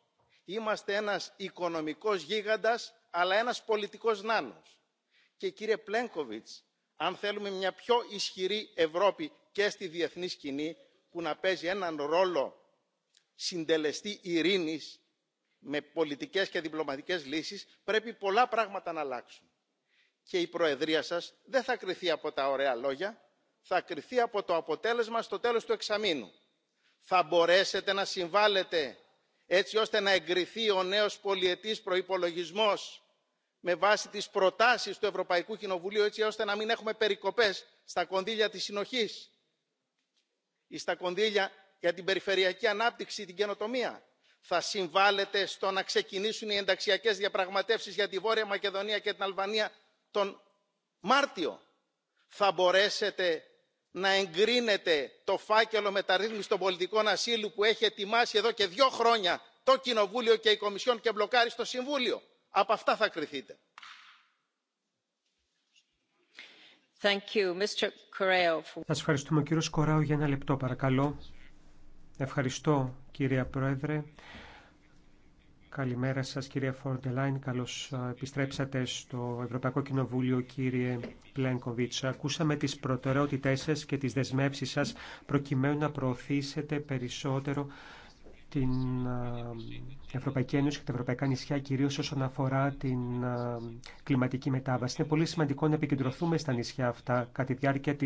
[SPEAKER 4] Είμαστε ένας οικονομικός γίγαντας, αλλά ένας πολιτικός νάνος. Και κύριε Πλένκοβιτς, αν θέλουμε μια πιο ισχυρή Ευρώπη και στη διεθνή σκηνή, που να παίζει έναν ρόλο συντελεστή ειρήνης με πολιτικές και διπλωματικές λύσεις, πρέπει πολλά πράγματα να αλλάξουν και η προεδρία σας δεν θα κριθεί από τα ωραία λόγια θα κριθεί από το αποτέλεσμα στο τέλος του εξαμήνου. θα μπορέσετε να συμβάλλετε έτσι ώστε να εγκριθεί ο νέος πολιετής προϋπολογισμός με βάση τις προτάσεις του ευρωπαϊκού κοινοβουλίου έτσι ώστε να μην έχουμε περικοπές στα κονδύλια της συνοχής ή στα κονδύλια για την περιφερειακή ανάπτυξη την καινοτομία. θα συμβάλλετε στο να ξεκινήσουν οι ενταξιακές διαπραγματεύσεις για τη βόρεια μακεδονία και την αλβανία τον μάρτιο θα μπορέσετε να εγκρίνετε το φάκελο μεταρρύθμισης των πολιτικών ασύλου που έχει ετοιμάσει εδώ και δύο χρόνια το κοινοβούλιο και η κομισιόν και μπλοκάρει στο συμβούλιο. από αυτά θα κριθείτε.
[SPEAKER 2] Σας ευχαριστούμε κύριο Σκοράου για ένα λεπτό παρακαλώ. Ευχαριστώ κυρία Πρόεδρε. Καλημέρα σας κυρία Φόρντελάιν, καλώς επιστρέψατε στο Ευρωπαϊκό Κοινοβούλιο κύριε Πλένκοβιτς. Ακούσαμε τις προτεραιότητές σας και τις δεσμεύσεις σας προκειμένου να προωθήσετε περισσότερο την Ευρωπαϊκή Ένωση και τα ευρωπαϊκά νησιά, κυρίω όσον αφορά την κλιματική μετάβαση. Είναι πολύ σημαντικό να επικεντρωθούμε στα νησιά αυτά κατά τη διάρκεια τη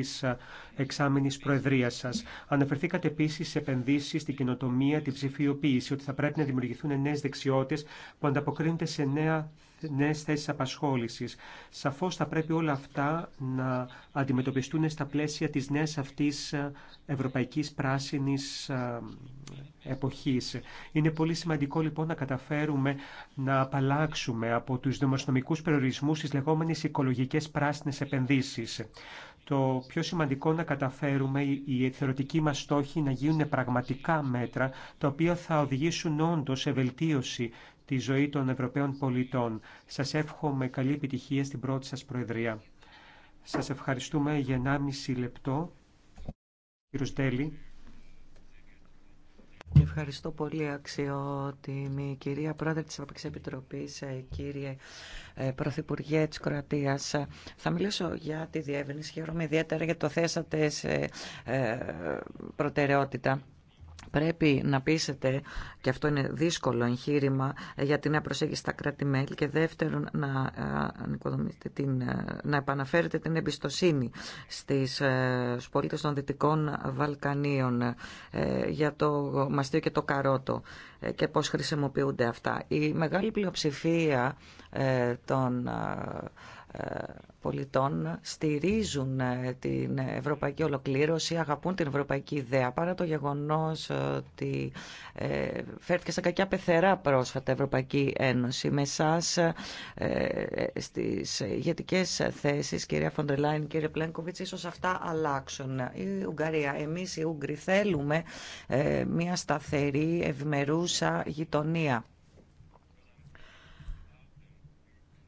[SPEAKER 2] εξάμηνη προεδρία σα. Αναφερθήκατε επίση σε επενδύσει στην κοινοτομία, την ψηφιοποίηση, ότι θα πρέπει να δημιουργηθούν νέε δεξιότητε που ανταποκρίνονται σε νέα νέε θέσει απασχόληση. Σαφώ θα πρέπει όλα αυτά να αντιμετωπιστούν στα πλαίσια τη νέα αυτή ε, ευρωπαϊκή πράσινη ε, εποχή. Είναι πολύ σημαντικό λοιπόν να καταφέρουμε να απαλλάξουμε από του δημοσιονομικού περιορισμού τι λεγόμενε οικολογικέ πράσινε επενδύσει. Το πιο σημαντικό να καταφέρουμε οι θεωρητικοί μας στόχοι να γίνουν πραγματικά μέτρα, τα οποία θα οδηγήσουν όντως σε βελτίωση τη ζωή των Ευρωπαίων πολιτών. Σας εύχομαι καλή επιτυχία στην πρώτη σας Προεδρία. Σας ευχαριστούμε για 1,5 λεπτό. Κύριο
[SPEAKER 3] Ευχαριστώ πολύ αξιότιμη κυρία Πρόεδρε της Ευρωπαϊκής Επιτροπής, ε, κύριε ε, Πρωθυπουργέ της Κροατίας. Θα μιλήσω για τη διεύρυνση. Χαίρομαι ιδιαίτερα γιατί το θέσατε σε ε, προτεραιότητα πρέπει να πείσετε, και αυτό είναι δύσκολο εγχείρημα, για την νέα προσέγγιση στα κράτη-μέλη και δεύτερον να, ε, την, ε, να επαναφέρετε την εμπιστοσύνη στις, ε, στους πολίτες των Δυτικών Βαλκανίων για το μαστείο και το καρότο και πώς χρησιμοποιούνται αυτά. Η μεγάλη πλειοψηφία των πολιτών στηρίζουν ε, την ευρωπαϊκή ολοκλήρωση, αγαπούν την ευρωπαϊκή ιδέα, παρά το γεγονός ότι ε, φέρθηκε στα κακιά πεθερά πρόσφατα Ευρωπαϊκή Ένωση. Με εσά ε, στις ηγετικέ θέσεις, κυρία Φοντελάιν, κύριε Πλένκοβιτς, ίσως αυτά αλλάξουν. Η Ουγγαρία, εμείς οι Ούγγροι θέλουμε μια σταθερή, ευμερούσα γειτονία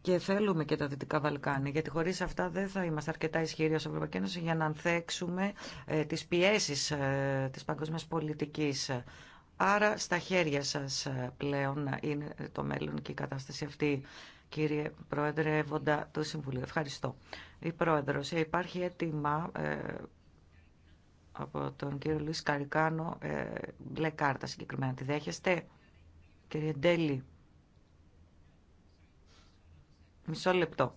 [SPEAKER 3] και θέλουμε και τα Δυτικά Βαλκάνια, γιατί χωρί αυτά δεν θα είμαστε αρκετά ισχυροί ω Ευρωπαϊκή Ένωση για να ανθέξουμε ε, τι πιέσει ε, τη παγκόσμια πολιτική. Άρα στα χέρια σας ε, πλέον ε, είναι το μέλλον και η κατάσταση αυτή, κύριε Πρόεδρε Βοντα του Συμβουλίου. Ευχαριστώ. Η Πρόεδρος, ε, υπάρχει αίτημα ε, από τον κύριο Λουίς Καρικάνο, ε, μπλε κάρτα συγκεκριμένα. Τη δέχεστε, κύριε Ντέλη. Μισό λεπτό.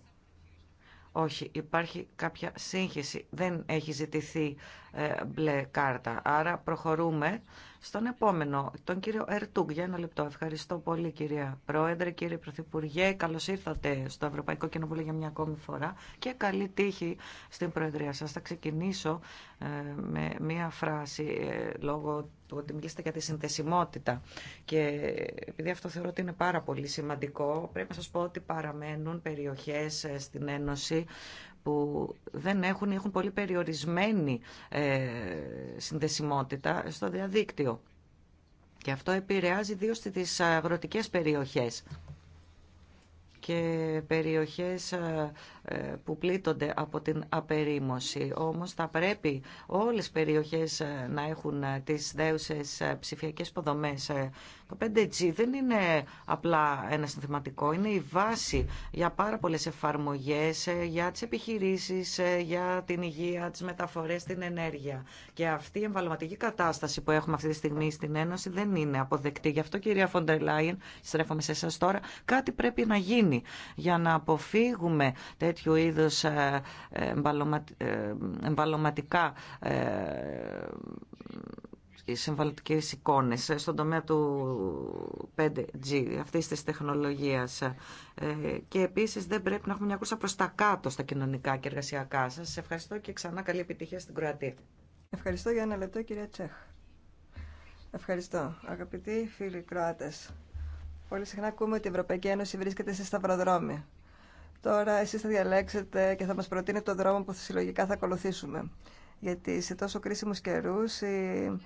[SPEAKER 3] Όχι, υπάρχει κάποια σύγχυση. Δεν έχει ζητηθεί ε, μπλε κάρτα. Άρα προχωρούμε στον επόμενο, τον κύριο Ερτούγκ, για ένα λεπτό. Ευχαριστώ πολύ, κυρία Πρόεδρε, κύριε Πρωθυπουργέ. Καλώ ήρθατε στο Ευρωπαϊκό Κοινοβούλιο για μια ακόμη φορά και καλή τύχη στην Προεδρία σα. Θα ξεκινήσω ε, με μία φράση ε, λόγω του ότι μιλήσατε για τη συνθεσιμότητα. Και ε, επειδή αυτό θεωρώ ότι είναι πάρα πολύ σημαντικό, πρέπει να σα πω ότι παραμένουν περιοχές στην Ένωση που δεν έχουν ή έχουν πολύ περιορισμένη ε, συνδεσιμότητα στο διαδίκτυο. Και αυτό επηρεάζει δύο στις αγροτικές περιοχές και περιοχές ε, ε, που πλήττονται από την απερίμωση. Όμως θα πρέπει όλες οι περιοχές ε, να έχουν τις δέουσες ψηφιακές υποδομές. Το 5G δεν είναι απλά ένα συνθηματικό, είναι η βάση για πάρα πολλές εφαρμογές, για τις επιχειρήσεις, για την υγεία, τις μεταφορές, την ενέργεια. Και αυτή η εμβαλωματική κατάσταση που έχουμε αυτή τη στιγμή στην Ένωση δεν είναι αποδεκτή. Γι' αυτό κυρία Φοντερ Λάιεν, στρέφομαι σε εσάς τώρα, κάτι πρέπει να γίνει για να αποφύγουμε τέτοιου είδους ε, ε, εμβαλωματικά ε, συμβαλωτικέ εικόνες στον τομέα του 5G, αυτή τη τεχνολογίας. Και επίσης δεν πρέπει να έχουμε μια κούρσα προ τα κάτω στα κοινωνικά και εργασιακά Σα ευχαριστώ και ξανά καλή επιτυχία στην Κροατία. Ευχαριστώ για ένα λεπτό κυρία Τσέχ.
[SPEAKER 1] Ευχαριστώ. Αγαπητοί φίλοι Κροάτε, Πολύ συχνά ακούμε ότι η Ευρωπαϊκή Ένωση βρίσκεται σε σταυροδρόμι. Τώρα εσεί θα διαλέξετε και θα μα προτείνετε τον δρόμο που συλλογικά θα ακολουθήσουμε. Γιατί σε τόσο κρίσιμου καιρού η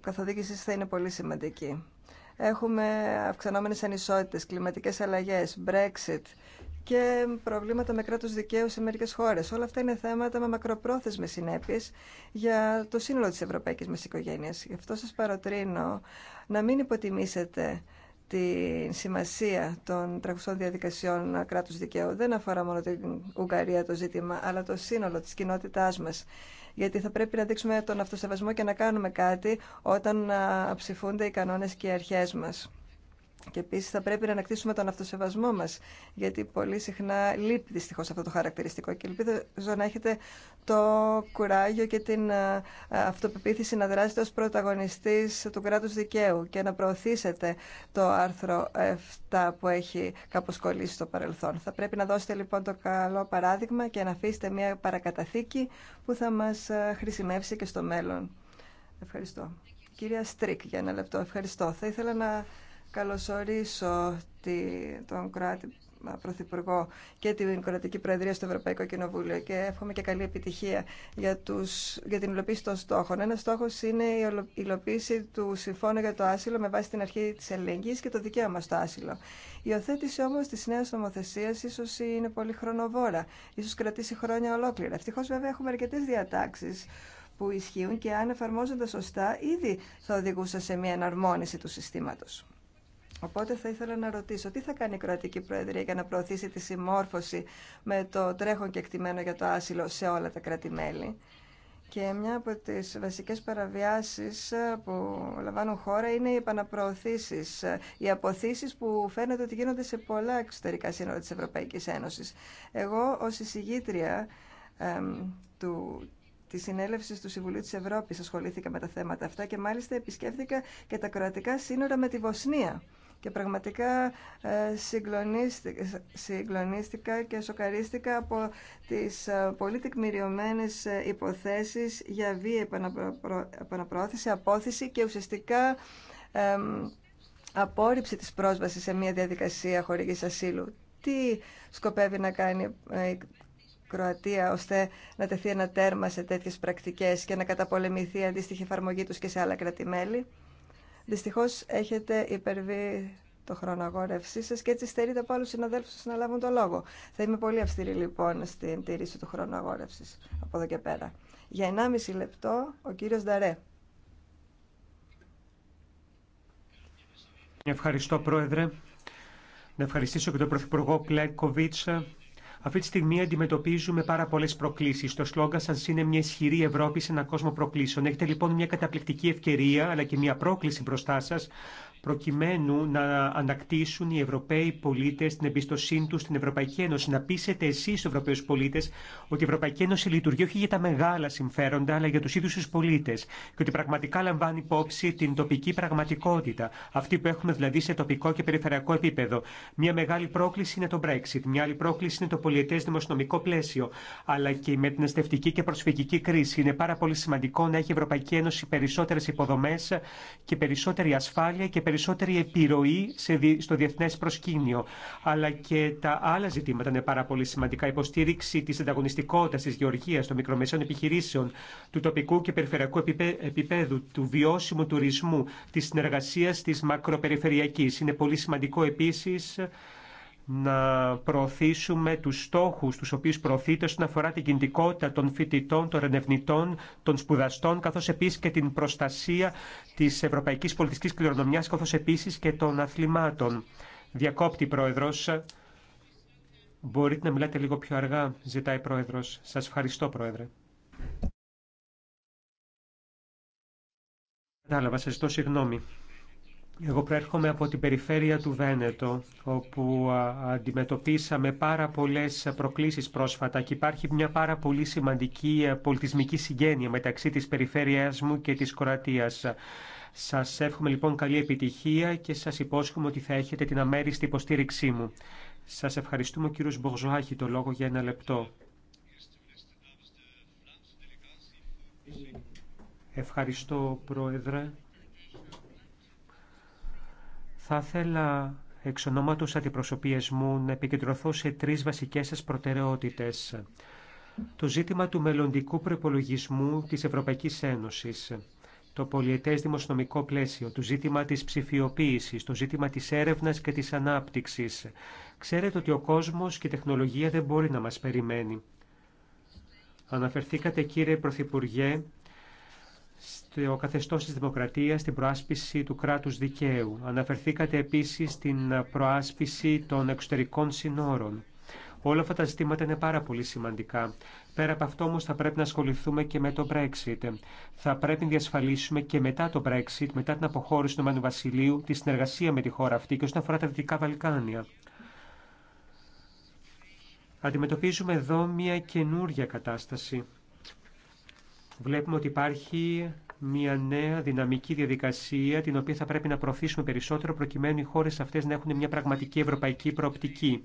[SPEAKER 1] καθοδήγηση θα είναι πολύ σημαντική. Έχουμε αυξανόμενε ανισότητε, κλιματικέ αλλαγέ, Brexit και προβλήματα με κράτο δικαίου σε μερικέ χώρε. Όλα αυτά είναι θέματα με μακροπρόθεσμε συνέπειε για το σύνολο τη Ευρωπαϊκή μα οικογένεια. Γι' αυτό σα παροτρύνω να μην υποτιμήσετε τη σημασία των τραγουστών διαδικασιών κράτους δικαίου. Δεν αφορά μόνο την Ουγγαρία το ζήτημα, αλλά το σύνολο της κοινότητάς μας. Γιατί θα πρέπει να δείξουμε τον αυτοσεβασμό και να κάνουμε κάτι όταν ψηφούνται οι κανόνες και οι αρχές μας. Και επίση θα πρέπει να ανακτήσουμε τον αυτοσεβασμό μα, γιατί πολύ συχνά λείπει δυστυχώ αυτό το χαρακτηριστικό. Και ελπίζω να έχετε το κουράγιο και την ε, αυτοπεποίθηση να δράσετε ω πρωταγωνιστή του κράτου δικαίου και να προωθήσετε το άρθρο 7 που έχει κάπω κολλήσει στο παρελθόν. Θα πρέπει να δώσετε λοιπόν το καλό παράδειγμα και να αφήσετε μια παρακαταθήκη που θα μα ε, χρησιμεύσει και στο μέλλον. Ευχαριστώ. Κυρία Στρίκ, για ένα λεπτό. Ευχαριστώ. Θα ήθελα να καλωσορίσω τη, τον Κροάτη Πρωθυπουργό και την Κρατική Προεδρία στο Ευρωπαϊκό Κοινοβούλιο και εύχομαι και καλή επιτυχία για, τους, για την υλοποίηση των στόχων. Ένα στόχο είναι η υλοποίηση του Συμφώνου για το Άσυλο με βάση την αρχή τη ελεγγύη και το δικαίωμα στο άσυλο. Η οθέτηση όμω τη νέα νομοθεσία ίσω είναι πολύ χρονοβόρα, ίσω κρατήσει χρόνια ολόκληρα. Ευτυχώ βέβαια έχουμε αρκετέ διατάξει που ισχύουν και αν εφαρμόζονται σωστά ήδη θα οδηγούσαν σε μια εναρμόνιση του συστήματος. Οπότε θα ήθελα να ρωτήσω τι θα κάνει η Κροατική Προεδρία για να προωθήσει τη συμμόρφωση με το τρέχον και εκτιμένο για το άσυλο σε όλα τα κράτη-μέλη. Και μια από τις βασικές παραβιάσεις ε, που λαμβάνουν χώρα είναι οι επαναπροωθήσεις, ε, οι αποθήσεις που φαίνεται ότι γίνονται σε πολλά εξωτερικά σύνορα της Ευρωπαϊκής Ένωσης. Εγώ ως εισηγήτρια του, τη συνέλευση του Συμβουλίου τη Ευρώπη, ασχολήθηκα με τα θέματα αυτά και μάλιστα επισκέφθηκα και τα κροατικά σύνορα με τη Βοσνία. Και πραγματικά ε, συγκλονίστηκα και σοκαρίστηκα από τις ε, πολύ τεκμηριωμένες ε, υποθέσεις για βία επαναπροώθηση, απόθεση και ουσιαστικά απόρριψη της πρόσβασης σε μια διαδικασία χορηγής ασύλου. Τι σκοπεύει να κάνει η Κροατία ώστε να τεθεί ένα τέρμα σε τέτοιες πρακτικές και να καταπολεμηθεί αντίστοιχη εφαρμογή τους και σε αλλα κρατημέλη. Δυστυχώ έχετε υπερβεί το χρόνο αγόρευσή σα και έτσι στερείτε από άλλου συναδέλφου να λάβουν το λόγο. Θα είμαι πολύ αυστηρή λοιπόν στην τήρηση του χρόνου αγόρευση από εδώ και πέρα. Για 1,5 λεπτό ο κύριο Νταρέ.
[SPEAKER 2] Ευχαριστώ, Πρόεδρε. Να ευχαριστήσω και τον Πρωθυπουργό Πλέκοβιτσα αυτή τη στιγμή αντιμετωπίζουμε πάρα πολλέ προκλήσει. Το σλόγγαν σα είναι μια ισχυρή Ευρώπη σε ένα κόσμο προκλήσεων. Έχετε λοιπόν μια καταπληκτική ευκαιρία αλλά και μια πρόκληση μπροστά σα προκειμένου να ανακτήσουν οι Ευρωπαίοι πολίτε την εμπιστοσύνη του στην Ευρωπαϊκή Ένωση. Να πείσετε εσεί του Ευρωπαίου πολίτε ότι η Ευρωπαϊκή Ένωση λειτουργεί όχι για τα μεγάλα συμφέροντα, αλλά για του ίδιου του πολίτε. Και ότι πραγματικά λαμβάνει υπόψη την τοπική πραγματικότητα, αυτή που έχουμε δηλαδή σε τοπικό και περιφερειακό επίπεδο. Μια μεγάλη πρόκληση είναι το Brexit, μια άλλη πρόκληση είναι το πολιετέ δημοσιονομικό πλαίσιο, αλλά και η μεταναστευτική και προσφυγική κρίση. Είναι πάρα πολύ σημαντικό να έχει η Ευρωπαϊκή Ένωση περισσότερε υποδομέ και περισσότερη ασφάλεια και περισσότερη επιρροή στο διεθνέ προσκήνιο. Αλλά και τα άλλα ζητήματα είναι πάρα πολύ σημαντικά. Υποστήριξη τη ανταγωνιστικότητα τη γεωργία, των μικρομεσαίων επιχειρήσεων, του τοπικού και περιφερειακού επίπεδου, του βιώσιμου τουρισμού, τη συνεργασία τη μακροπεριφερειακή. Είναι πολύ σημαντικό επίση να προωθήσουμε τους στόχους τους οποίους προωθείται όσον αφορά την κινητικότητα των φοιτητών, των ερευνητών, των σπουδαστών, καθώς επίσης και την προστασία της ευρωπαϊκής πολιτιστικής κληρονομιάς, καθώς επίσης και των αθλημάτων. Διακόπτη, Πρόεδρος. Μπορείτε να μιλάτε λίγο πιο αργά, ζητάει Πρόεδρος. Σας ευχαριστώ, Πρόεδρε. Κατάλαβα, σας ζητώ συγγνώμη. Εγώ προέρχομαι από την περιφέρεια του Βένετο, όπου αντιμετωπίσαμε πάρα πολλές προκλήσεις πρόσφατα και υπάρχει μια πάρα πολύ σημαντική ε, πολιτισμική συγγένεια μεταξύ της περιφέρειας μου και της Κροατίας. Σας εύχομαι λοιπόν καλή επιτυχία και σας υπόσχομαι ότι θα έχετε την αμέριστη υποστήριξή μου. Σας ευχαριστούμε κύριος το λόγο για ένα λεπτό. Ευχαριστώ, Πρόεδρε. Θα ήθελα εξ ονόματος αντιπροσωπείας μου να επικεντρωθώ σε τρεις βασικές σας προτεραιότητες. Το ζήτημα του μελλοντικού προπολογισμού της Ευρωπαϊκής Ένωσης, το πολιετές δημοσιονομικό πλαίσιο, το ζήτημα της ψηφιοποίησης, το ζήτημα της έρευνας και της ανάπτυξης. Ξέρετε ότι ο κόσμος και η τεχνολογία δεν μπορεί να μας περιμένει. Αναφερθήκατε κύριε Πρωθυπουργέ στο καθεστώ τη Δημοκρατία, στην προάσπιση του κράτους δικαίου. Αναφερθήκατε επίσης στην προάσπιση των εξωτερικών συνόρων. Όλα αυτά τα ζητήματα είναι πάρα πολύ σημαντικά. Πέρα από αυτό όμω θα πρέπει να ασχοληθούμε και με το Brexit. Θα πρέπει να διασφαλίσουμε και μετά το Brexit, μετά την αποχώρηση του Μανου Βασιλείου, τη συνεργασία με τη χώρα αυτή και όσον αφορά τα Δυτικά Βαλκάνια. Αντιμετωπίζουμε εδώ μια καινούργια κατάσταση βλέπουμε ότι υπάρχει μια νέα δυναμική διαδικασία την οποία θα πρέπει να προωθήσουμε περισσότερο προκειμένου οι χώρες αυτές να έχουν μια πραγματική ευρωπαϊκή προοπτική.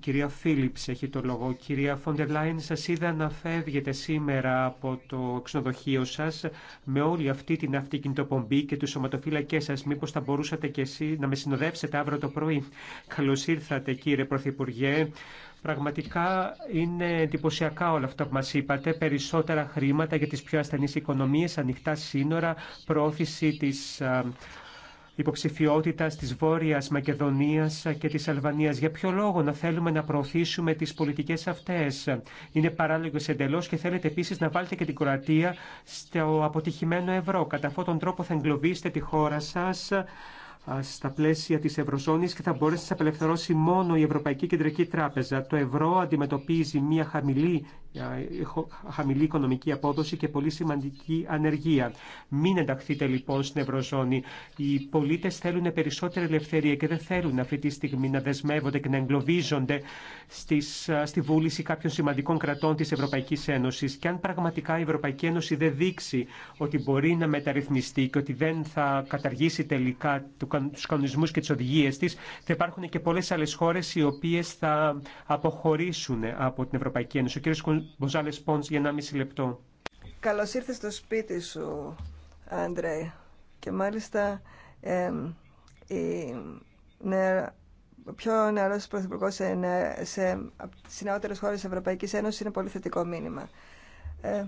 [SPEAKER 2] κυρία Φίλιπς έχει το λόγο. κυρία Φόντερ Λάιν, σας είδα να φεύγετε σήμερα από το ξενοδοχείο σας με όλη αυτή την αυτοκινητοπομπή και τους σωματοφύλακές σας. Μήπως θα μπορούσατε κι εσείς να με συνοδεύσετε αύριο το πρωί. Καλώς ήρθατε κύριε Πρωθυπουργέ. Πραγματικά είναι εντυπωσιακά όλα αυτά που μας είπατε. Περισσότερα χρήματα για τις πιο ασθενείς οικονομίες, ανοιχτά σύνορα, πρόθεση της υποψηφιότητα τη Βόρεια Μακεδονία και τη Αλβανία. Για ποιο λόγο να θέλουμε να προωθήσουμε τι πολιτικέ αυτέ. Είναι παράλογε εντελώ και θέλετε επίση να βάλετε και την Κροατία στο αποτυχημένο ευρώ. Κατά αυτόν τον τρόπο θα εγκλωβίσετε τη χώρα σα στα πλαίσια της Ευρωζώνης και θα μπορέσει να απελευθερώσει μόνο η Ευρωπαϊκή Κεντρική Τράπεζα. Το ευρώ αντιμετωπίζει μια χαμηλή χαμηλή οικονομική απόδοση και πολύ σημαντική ανεργία. Μην ενταχθείτε λοιπόν στην Ευρωζώνη. Οι πολίτε θέλουν περισσότερη ελευθερία και δεν θέλουν αυτή τη στιγμή να δεσμεύονται και να εγκλωβίζονται στις, στη βούληση κάποιων σημαντικών κρατών τη Ευρωπαϊκή Ένωση. Και αν πραγματικά η Ευρωπαϊκή Ένωση δεν δείξει ότι μπορεί να μεταρρυθμιστεί και ότι δεν θα καταργήσει τελικά του κανονισμού και τι οδηγίε τη, θα υπάρχουν και πολλέ άλλε χώρε οι οποίε θα αποχωρήσουν από την Ευρωπαϊκή Ένωση. Ο Μποζάλε Πόντ για μισή λεπτό.
[SPEAKER 1] Καλώ ήρθε στο σπίτι σου, Άντρε. Και μάλιστα ε, πιο νεαρό πρωθυπουργό σε, σε, σε νεότερε χώρε τη Ευρωπαϊκή Ένωση είναι πολύ θετικό μήνυμα. Ε,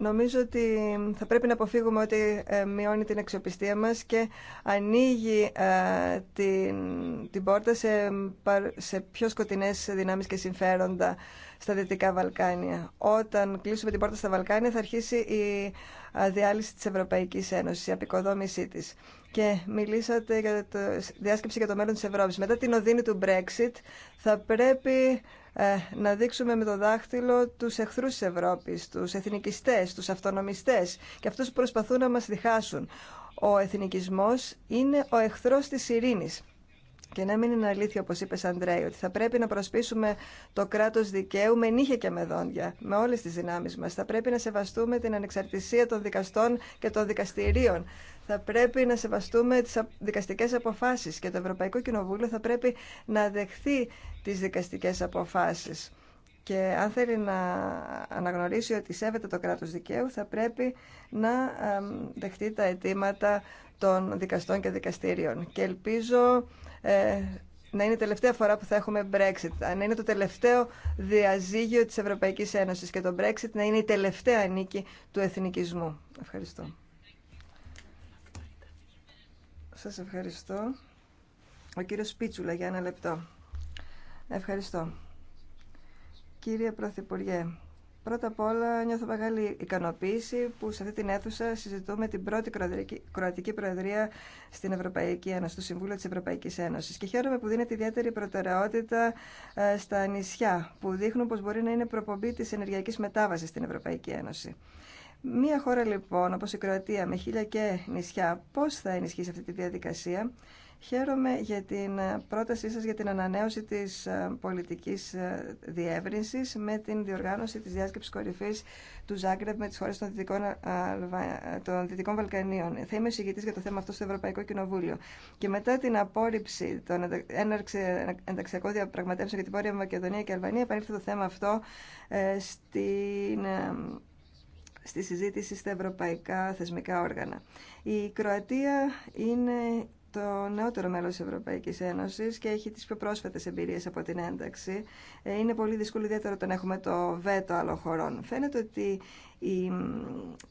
[SPEAKER 1] Νομίζω ότι θα πρέπει να αποφύγουμε ότι ε, μειώνει την αξιοπιστία μας και ανοίγει ε, την, την πόρτα σε, σε πιο σκοτεινές δυνάμεις και συμφέροντα στα Δυτικά Βαλκάνια. Όταν κλείσουμε την πόρτα στα Βαλκάνια θα αρχίσει η διάλυση της Ευρωπαϊκής Ένωσης, η απεικοδόμησή της. Και μιλήσατε για το διάσκεψη για το μέλλον της Ευρώπης. Μετά την οδύνη του Brexit θα πρέπει ε, να δείξουμε με το δάχτυλο τους εχθρούς της Ευρώπης, τους εθνικιστές, τους αυτονομιστές και αυτούς που προσπαθούν να μας διχάσουν. Ο εθνικισμός είναι ο εχθρός της ειρήνης. Και να μην είναι αλήθεια, όπω είπε, Αντρέη, ότι θα πρέπει να προσπίσουμε το κράτο δικαίου με νύχια και με δόντια, με όλε τι δυνάμει μα. Θα πρέπει να σεβαστούμε την ανεξαρτησία των δικαστών και των δικαστηρίων. Θα πρέπει να σεβαστούμε τι δικαστικέ αποφάσει. Και το Ευρωπαϊκό Κοινοβούλιο θα πρέπει να δεχθεί τι δικαστικέ αποφάσει. Και αν θέλει να αναγνωρίσει ότι σέβεται το κράτο δικαίου, θα πρέπει να δεχτεί τα αιτήματα των δικαστών και δικαστήριων. Και ελπίζω ε, να είναι η τελευταία φορά που θα έχουμε Brexit, να είναι το τελευταίο διαζύγιο της Ευρωπαϊκής Ένωσης και το Brexit να είναι η τελευταία νίκη του εθνικισμού. Ευχαριστώ. Σας ευχαριστώ. Ο κύριος Πίτσουλα για ένα λεπτό. Ευχαριστώ. Κύριε Πρωθυπουργέ, Πρώτα απ' όλα νιώθω μεγάλη ικανοποίηση που σε αυτή την αίθουσα συζητούμε την πρώτη Κροατική Προεδρία στην Ευρωπαϊκή Ένωση, στο Συμβούλιο της Ευρωπαϊκής Ένωσης. Και χαίρομαι που δίνεται ιδιαίτερη προτεραιότητα ε, στα νησιά, που δείχνουν πως μπορεί να είναι προπομπή της ενεργειακής μετάβασης στην Ευρωπαϊκή Ένωση. Μία χώρα λοιπόν, όπως η Κροατία, με χίλια και νησιά, πώς θα ενισχύσει αυτή τη διαδικασία Χαίρομαι για την ε, πρότασή σας για την ανανέωση της ε, πολιτικής ε, διεύρυνσης με την διοργάνωση της διάσκεψης κορυφής του Ζάγκρεπ με τις χώρες των Δυτικών, των Δυτικών Βαλκανίων. Θα είμαι συγγητής για το θέμα αυτό στο Ευρωπαϊκό Κοινοβούλιο. Και μετά την απόρριψη των έναρξη ενταξιακών διαπραγματεύσεων για την Βόρεια Μακεδονία και Αλβανία, επανήλθε το θέμα αυτό στην στη συζήτηση στα ευρωπαϊκά θεσμικά όργανα. Η Κροατία είναι το νεότερο μέλος της Ευρωπαϊκής Ένωσης και έχει τις πιο πρόσφατες εμπειρίες από την ένταξη. Ε, είναι πολύ δύσκολο ιδιαίτερα όταν έχουμε το βέτο άλλων χωρών. Φαίνεται ότι η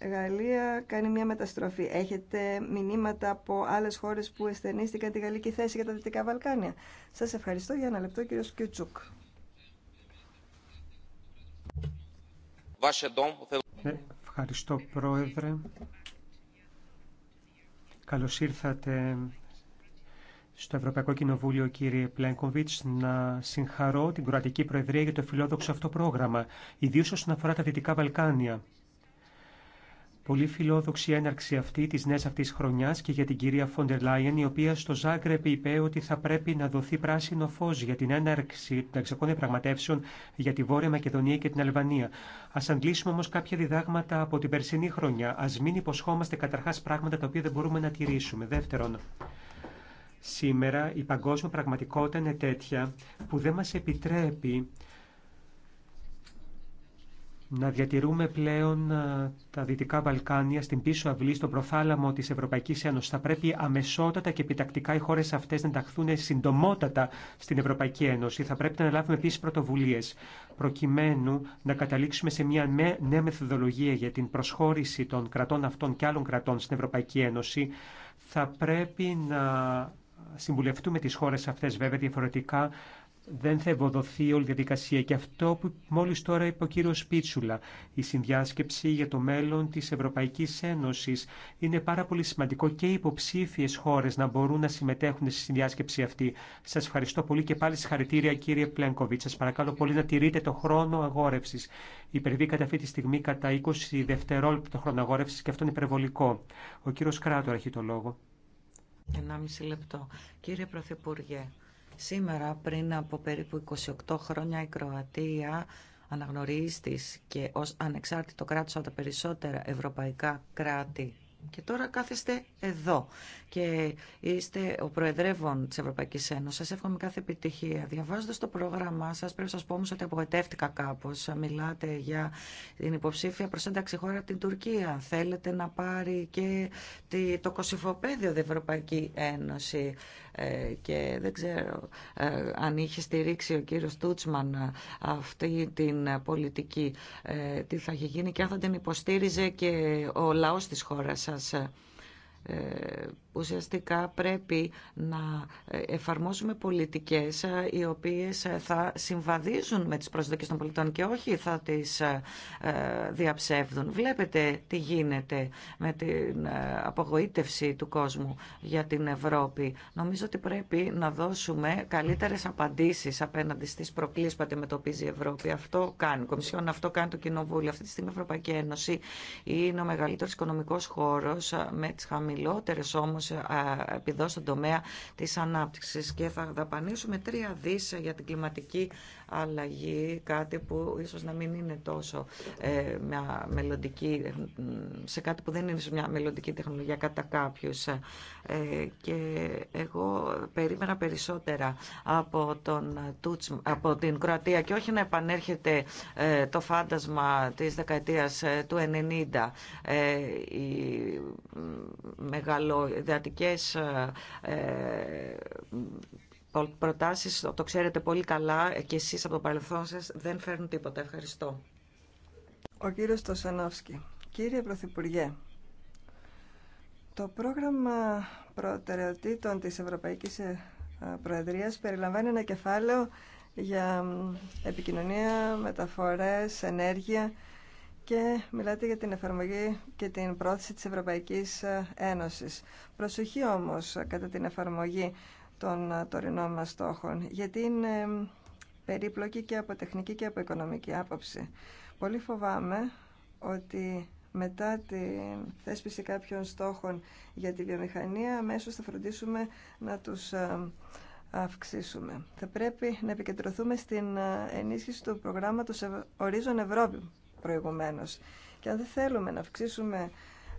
[SPEAKER 1] Γαλλία κάνει μια μεταστροφή. Έχετε μηνύματα από άλλες χώρες που εσθενίστηκαν τη γαλλική θέση για τα Δυτικά Βαλκάνια. Σας ευχαριστώ για ένα λεπτό κύριο Κιουτσούκ.
[SPEAKER 4] Ε,
[SPEAKER 2] ευχαριστώ πρόεδρε. Καλώς ήρθατε στο Ευρωπαϊκό Κοινοβούλιο, κύριε Πλένκοβιτ, να συγχαρώ την Κροατική Προεδρία για το φιλόδοξο αυτό πρόγραμμα, ιδίω όσον αφορά τα Δυτικά Βαλκάνια. Πολύ φιλόδοξη έναρξη αυτή τη νέα αυτή χρονιά και για την κυρία Φόντερ Λάιεν, η οποία στο Ζάγκρεπ είπε ότι θα πρέπει να δοθεί πράσινο φω για την έναρξη των ταξικών διαπραγματεύσεων για τη Βόρεια Μακεδονία και την Αλβανία. Α αντλήσουμε όμω κάποια διδάγματα από την περσινή χρονιά. Α μην υποσχόμαστε καταρχά πράγματα τα οποία δεν μπορούμε να τηρήσουμε. Δεύτερον, Σήμερα η παγκόσμια πραγματικότητα είναι τέτοια που δεν μας επιτρέπει να διατηρούμε πλέον ε, τα Δυτικά Βαλκάνια στην πίσω αυλή, στον προθάλαμο της Ευρωπαϊκής Ένωσης. Θα πρέπει αμεσότατα και επιτακτικά οι χώρες αυτές να ενταχθούν συντομότατα στην Ευρωπαϊκή Ένωση. Θα πρέπει να αναλάβουμε επίσης πρωτοβουλίες, προκειμένου να καταλήξουμε σε μια νέα μεθοδολογία για την προσχώρηση των κρατών αυτών και άλλων κρατών στην Ευρωπαϊκή Ένωση. Θα πρέπει να συμβουλευτούμε τις χώρες αυτές βέβαια διαφορετικά δεν θα ευοδοθεί όλη η διαδικασία. Και αυτό που μόλις τώρα είπε ο κύριος Πίτσουλα, η συνδιάσκεψη για το μέλλον της Ευρωπαϊκής Ένωσης, είναι πάρα πολύ σημαντικό και οι υποψήφιες χώρες να μπορούν να συμμετέχουν στη συνδιάσκεψη αυτή. Σας ευχαριστώ πολύ και πάλι συγχαρητήρια κύριε Πλένκοβιτ. Σας παρακαλώ πολύ να τηρείτε το χρόνο αγόρευσης. Υπερβήκατε αυτή τη στιγμή κατά 20 δευτερόλεπτα χρόνο αγόρευσης και αυτό είναι υπερβολικό. Ο κύριος Κράτορα έχει το λόγο.
[SPEAKER 3] 1,5 λεπτό. Κύριε Πρωθυπουργέ, σήμερα πριν από περίπου 28 χρόνια η Κροατία αναγνωρίστης και ως ανεξάρτητο κράτος από τα περισσότερα ευρωπαϊκά κράτη και τώρα κάθεστε εδώ και είστε ο Προεδρεύων της Ευρωπαϊκής Ένωσης. Σας εύχομαι κάθε επιτυχία. Διαβάζοντα το πρόγραμμά σας πρέπει να σας πω όμως ότι απογοητεύτηκα κάπως. Μιλάτε για την υποψήφια προς ένταξη χώρα την Τουρκία. Θέλετε να πάρει και το κοσυφοπαίδιο της Ευρωπαϊκής Ένωσης. Ε, και δεν ξέρω ε, αν είχε στηρίξει ο κύριος Τούτσμαν ε, αυτή την πολιτική τι θα είχε γίνει και αν θα την υποστήριζε και ο λαός της χώρας σας ουσιαστικά πρέπει να εφαρμόσουμε πολιτικές ε, οι οποίες ε, θα συμβαδίζουν με τις προσδοκίες των πολιτών και όχι θα τις ε, διαψεύδουν. Βλέπετε τι γίνεται με την απογοήτευση του κόσμου για την Ευρώπη. Νομίζω ότι πρέπει να δώσουμε καλύτερες απαντήσεις απέναντι στις προκλήσεις που αντιμετωπίζει η Ευρώπη. Αυτό κάνει η Κομισιόν, αυτό κάνει το Κοινοβούλιο. Αυτή τη στιγμή η Ευρωπαϊκή Ένωση είναι ο μεγαλύτερος οικονομικός χώρος με τις χαμηλότερες ε, επιδόσει στον τομέα της ανάπτυξης και θα δαπανίσουμε τρία δις για την κλιματική αλλαγή, κάτι που ίσως να μην είναι τόσο ε, μια μελλοντική, σε κάτι που δεν είναι μια μελλοντική τεχνολογία κατά κάποιους. Ε, και εγώ περίμενα περισσότερα από, τον, από την Κροατία και όχι να επανέρχεται το φάντασμα της δεκαετίας του 90 η μεγάλο εντατικές ε, ε, προτάσεις, το ξέρετε πολύ καλά και εσείς από το παρελθόν σας, δεν φέρνουν τίποτα. Ευχαριστώ. Ο κύριος Τωσανόφσκι.
[SPEAKER 1] Κύριε Πρωθυπουργέ, το πρόγραμμα προτεραιοτήτων της Ευρωπαϊκής ε, Προεδρίας περιλαμβάνει ένα κεφάλαιο για επικοινωνία, μεταφορές, ενέργεια και μιλάτε για την εφαρμογή και την πρόθεση της Ευρωπαϊκής ε, Ένωσης. Προσοχή όμως ε, κατά την εφαρμογή των ε, τωρινών μας στόχων, γιατί είναι περίπλοκη και από τεχνική και από οικονομική άποψη. Πολύ φοβάμαι ότι μετά την θέσπιση κάποιων στόχων για τη βιομηχανία, αμέσως θα φροντίσουμε να τους αυξήσουμε. Θα πρέπει να επικεντρωθούμε στην ενίσχυση του προγράμματος Ορίζον Ευρώπη, προηγουμένως. Και αν δεν θέλουμε να αυξήσουμε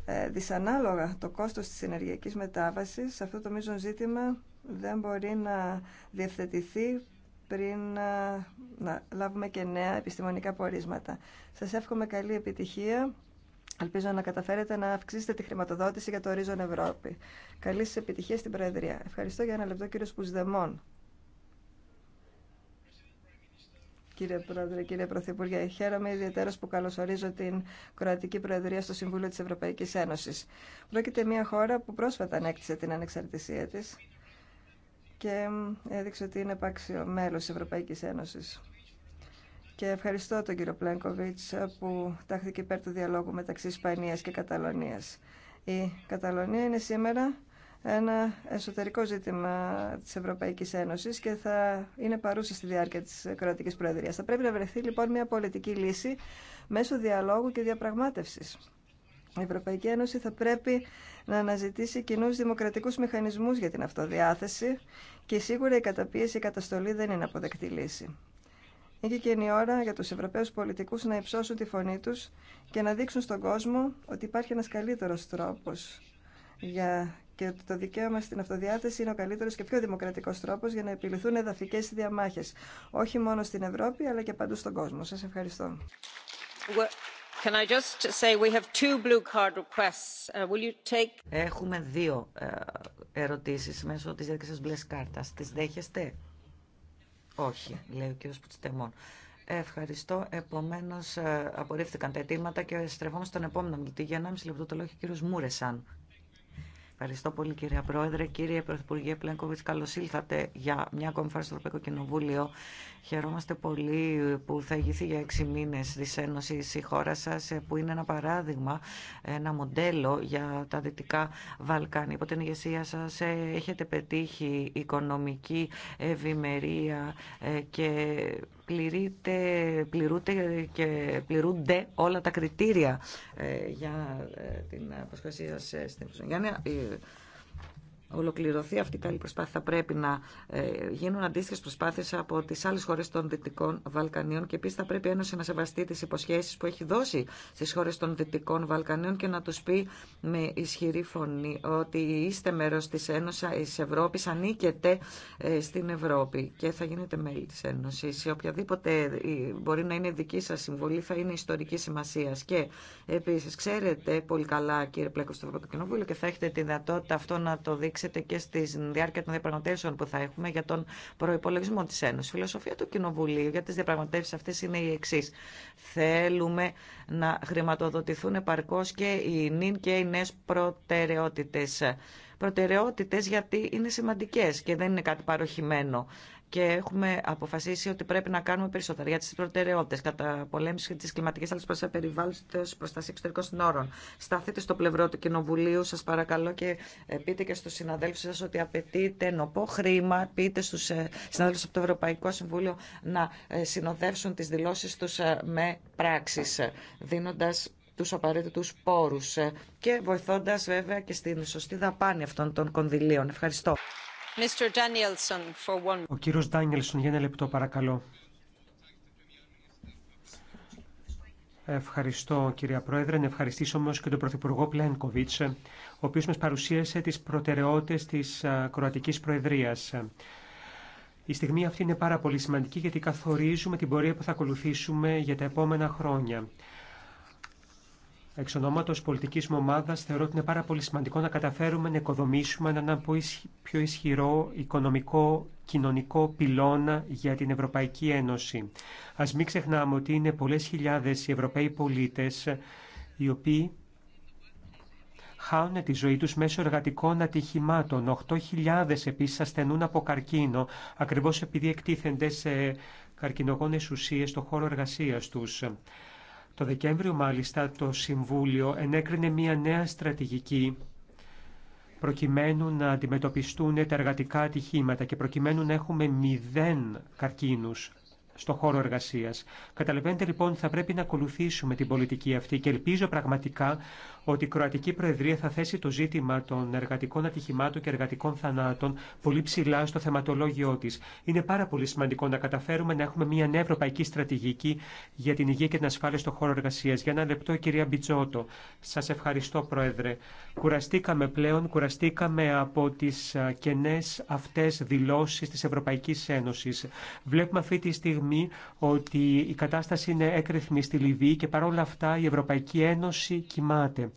[SPEAKER 1] ε, δυσανάλογα το κόστος της ενεργειακής μετάβασης, αυτό το μείζον ζήτημα δεν μπορεί να διευθετηθεί πριν ε, να λάβουμε και νέα επιστημονικά πορίσματα. Σας εύχομαι καλή επιτυχία. Ελπίζω να καταφέρετε να αυξήσετε τη χρηματοδότηση για το ορίζον Ευρώπη. Καλή επιτυχία στην Προεδρία. Ευχαριστώ για ένα λεπτό κύριο Σπουσδεμόν. κύριε Πρόεδρε, κύριε Πρωθυπουργέ. Χαίρομαι ιδιαίτερα που καλωσορίζω την Κροατική Προεδρία στο Συμβούλιο τη Ευρωπαϊκή Ένωση. Πρόκειται μια χώρα που πρόσφατα ανέκτησε την ανεξαρτησία τη και έδειξε ότι είναι επάξιο μέλος της Ευρωπαϊκής Ένωσης. Και ευχαριστώ τον κύριο Πλένκοβιτ που τάχθηκε υπέρ του διαλόγου μεταξύ Ισπανία και Καταλωνία. Η Καταλωνία είναι σήμερα ένα εσωτερικό ζήτημα της Ευρωπαϊκής Ένωσης και θα είναι παρούσα στη διάρκεια της κρατικής προεδρίας. Θα πρέπει να βρεθεί λοιπόν μια πολιτική λύση μέσω διαλόγου και διαπραγμάτευσης. Η Ευρωπαϊκή Ένωση θα πρέπει να αναζητήσει κοινού δημοκρατικούς μηχανισμούς για την αυτοδιάθεση και σίγουρα η καταπίεση, η καταστολή δεν είναι αποδεκτή λύση. Είναι και η ώρα για τους Ευρωπαίους πολιτικούς να υψώσουν τη φωνή τους και να δείξουν στον κόσμο ότι υπάρχει ένας καλύτερος τρόπος για και το δικαίωμα στην αυτοδιάθεση είναι ο καλύτερο και πιο δημοκρατικό τρόπο για να επιληθούν εδαφικές διαμάχε. όχι μόνο στην
[SPEAKER 3] Ευρώπη αλλά και παντού στον κόσμο. Σα ευχαριστώ. Έχουμε δύο ε, ερωτήσεις μέσω της διαδικασία μπλε κάρτας. Τις δέχεστε? Όχι, λέει ο κύριος Πουτσιτεμόν. Ευχαριστώ. Επομένω, ε, απορρίφθηκαν τα αιτήματα και στρεφόμαστε στον επόμενο μιλητή. Για 1,5 λεπτό το λόγο, ο κύριο Μούρεσαν. Ευχαριστώ πολύ κύριε Πρόεδρε. Κύριε Πρωθυπουργέ Πλένκοβιτς, καλώς ήλθατε για μια ακόμη φορά στο Ευρωπαϊκό Κοινοβούλιο. Χαιρόμαστε πολύ που θα ηγηθεί για έξι μήνες τη Ένωση. η χώρα σας, που είναι ένα παράδειγμα, ένα μοντέλο για τα Δυτικά Βαλκάνια. Υπό την ηγεσία σας ε, έχετε πετύχει οικονομική ευημερία ε, και πληρείτε, πληρούνται και πληρούνται όλα τα κριτήρια ε, για ε, την ε, προσχωρησία στην ε, ολοκληρωθεί αυτή η καλή προσπάθεια θα πρέπει να ε, γίνουν αντίστοιχε προσπάθειε από τι άλλε χώρε των Δυτικών Βαλκανίων και επίση θα πρέπει η Ένωση να σεβαστεί τι υποσχέσει που έχει δώσει στι χώρε των Δυτικών Βαλκανίων και να του πει με ισχυρή φωνή ότι είστε μέρο τη Ένωση Ευρώπη, ανήκετε ε, στην Ευρώπη και θα γίνετε μέλη τη Ένωση. Οποιαδήποτε μπορεί να είναι δική σα συμβολή θα είναι ιστορική σημασία. Και επίση ξέρετε πολύ καλά, κύριε Πλέκο, στο Ευρωπαϊκό Κοινοβούλιο και θα έχετε τη δυνατότητα αυτό να το δείξετε και στη διάρκεια των διαπραγματεύσεων που θα έχουμε για τον προπολογισμό τη Ένωση. Η φιλοσοφία του Κοινοβουλίου για τι διαπραγματεύσει αυτέ είναι η εξή. Θέλουμε να χρηματοδοτηθούν επαρκώ και οι νυν και οι νέε προτεραιότητε. Προτεραιότητες γιατί είναι σημαντικέ και δεν είναι κάτι παροχημένο και έχουμε αποφασίσει ότι πρέπει να κάνουμε περισσότερα για τι προτεραιότητε. Κατά πολέμηση τη κλιματική αλλαγή προστασία περιβάλλοντο, προστασία εξωτερικών συνόρων. Σταθείτε στο πλευρό του Κοινοβουλίου, σα παρακαλώ, και ε, πείτε και στου συναδέλφου σα ότι απαιτείται νοπό χρήμα. Πείτε στου ε, συναδέλφου από το Ευρωπαϊκό Συμβούλιο να ε, συνοδεύσουν τι δηλώσει του με πράξει, δίνοντα τους απαραίτητους πόρους και βοηθώντας βέβαια και στην σωστή δαπάνη αυτών των κονδυλίων. Ευχαριστώ.
[SPEAKER 2] Ο κύριος Ντάνιελσον, για ένα λεπτό παρακαλώ. Ευχαριστώ κυρία Πρόεδρε. ευχαριστήσω όμω και τον Πρωθυπουργό Πλένκοβιτ, ο οποίο μα παρουσίασε τι προτεραιότητε τη Κροατική Προεδρία. Η στιγμή αυτή είναι πάρα πολύ σημαντική γιατί καθορίζουμε την πορεία που θα ακολουθήσουμε για τα επόμενα χρόνια. Εξ ονόματο πολιτική μου ομάδα, θεωρώ ότι είναι πάρα πολύ σημαντικό να καταφέρουμε να οικοδομήσουμε έναν πιο ισχυρό οικονομικό κοινωνικό πυλώνα για την Ευρωπαϊκή Ένωση. Α μην ξεχνάμε ότι είναι πολλέ χιλιάδε οι Ευρωπαίοι πολίτε οι οποίοι χάνουν τη ζωή τους μέσω εργατικών ατυχημάτων. 8.000 επίσης ασθενούν από καρκίνο, ακριβώς επειδή εκτίθενται σε καρκινογόνες ουσίες στο χώρο εργασίας τους. Το Δεκέμβριο μάλιστα το Συμβούλιο ενέκρινε μια νέα στρατηγική προκειμένου να αντιμετωπιστούν τα εργατικά ατυχήματα και προκειμένου να έχουμε μηδέν καρκίνους στο χώρο εργασίας. Καταλαβαίνετε λοιπόν θα πρέπει να ακολουθήσουμε την πολιτική αυτή και ελπίζω πραγματικά ότι η Κροατική Προεδρία θα θέσει το ζήτημα των εργατικών ατυχημάτων και εργατικών θανάτων πολύ ψηλά στο θεματολόγιο τη. Είναι πάρα πολύ σημαντικό να καταφέρουμε να έχουμε μια νέα ευρωπαϊκή στρατηγική για την υγεία και την ασφάλεια στον χώρο εργασία. Για ένα λεπτό, κυρία Μπιτζότο. Σα ευχαριστώ, Πρόεδρε. Κουραστήκαμε πλέον, κουραστήκαμε από τι κενέ αυτέ δηλώσει τη Ευρωπαϊκή Ένωση. Βλέπουμε αυτή τη στιγμή ότι η κατάσταση είναι έκρηθμη στη Λιβύη και παρόλα αυτά η Ευρωπαϊκή Ένωση κοιμάται.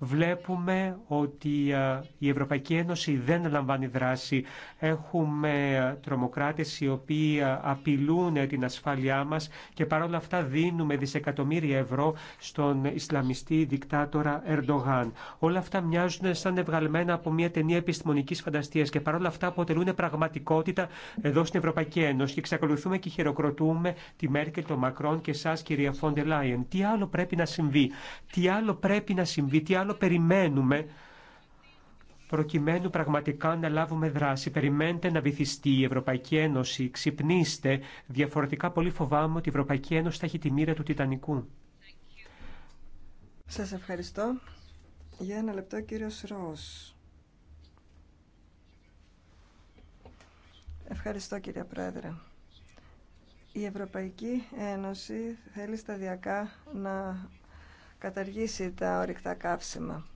[SPEAKER 2] Βλέπουμε ότι η Ευρωπαϊκή Ένωση δεν λαμβάνει δράση. Έχουμε τρομοκράτες οι οποίοι απειλούν την ασφάλειά μας και παρόλα αυτά δίνουμε δισεκατομμύρια ευρώ στον Ισλαμιστή δικτάτορα Ερντογάν. Όλα αυτά μοιάζουν σαν ευγαλμένα από μια ταινία επιστημονικής φανταστίας και παρόλα αυτά αποτελούν πραγματικότητα εδώ στην Ευρωπαϊκή Ένωση και εξακολουθούμε και χειροκροτούμε τη Μέρκελ, τον Μακρόν και εσά κυρία Φόντε Λάιεν. Τι άλλο πρέπει να συμβεί, τι άλλο πρέπει να συμβεί, τι άλλο άλλο περιμένουμε προκειμένου πραγματικά να λάβουμε δράση. Περιμένετε να βυθιστεί η Ευρωπαϊκή Ένωση, ξυπνήστε. Διαφορετικά πολύ φοβάμαι ότι η Ευρωπαϊκή Ένωση θα έχει τη μοίρα του Τιτανικού.
[SPEAKER 1] Σας ευχαριστώ. Για ένα λεπτό κύριος Ρος. Ευχαριστώ κύριε Πρόεδρε. Η Ευρωπαϊκή Ένωση θέλει σταδιακά να καταργήσει τα ορυκτά καύσιμα.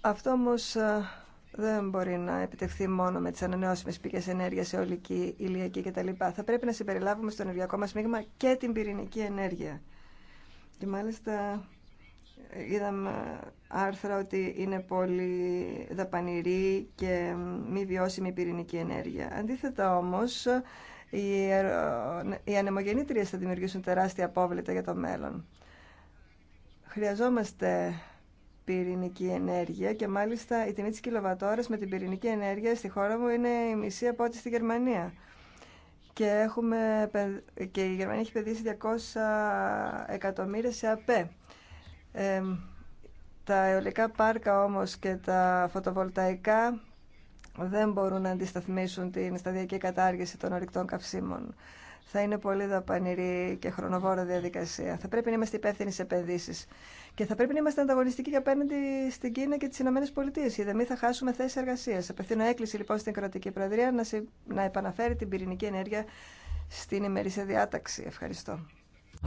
[SPEAKER 1] Αυτό όμω ε, δεν μπορεί να επιτευχθεί μόνο με τι ανανεώσιμε πηγέ ενέργεια, αιωλική, ηλιακή κτλ. Θα πρέπει να συμπεριλάβουμε στο ενεργειακό μας μείγμα και την πυρηνική ενέργεια. Και μάλιστα είδαμε άρθρα ότι είναι πολύ δαπανηρή και μη βιώσιμη πυρηνική ενέργεια. Αντίθετα όμως, ε, οι ανεμογεννήτριες θα δημιουργήσουν τεράστια απόβλητα για το μέλλον. Χρειαζόμαστε πυρηνική ενέργεια και μάλιστα η τιμή της κιλοβατόρας με την πυρηνική ενέργεια στη χώρα μου είναι η μισή από ό,τι στη Γερμανία. Και, έχουμε, και η Γερμανία έχει παιδίσει 200 εκατομμύρια σε ΑΠΕ. τα αιωλικά πάρκα όμως και τα φωτοβολταϊκά δεν μπορούν να αντισταθμίσουν την σταδιακή κατάργηση των ορυκτών καυσίμων θα είναι πολύ δαπανηρή και χρονοβόρα διαδικασία. Θα πρέπει να είμαστε υπεύθυνοι σε επενδύσει. Και θα πρέπει να είμαστε ανταγωνιστικοί και απέναντι στην Κίνα και τι Ηνωμένε Πολιτείε. Γιατί θα χάσουμε θέσει εργασία. Απευθύνω έκκληση λοιπόν στην κρατική προεδρία να, να επαναφέρει την πυρηνική ενέργεια στην ημερήσια διάταξη. Ευχαριστώ.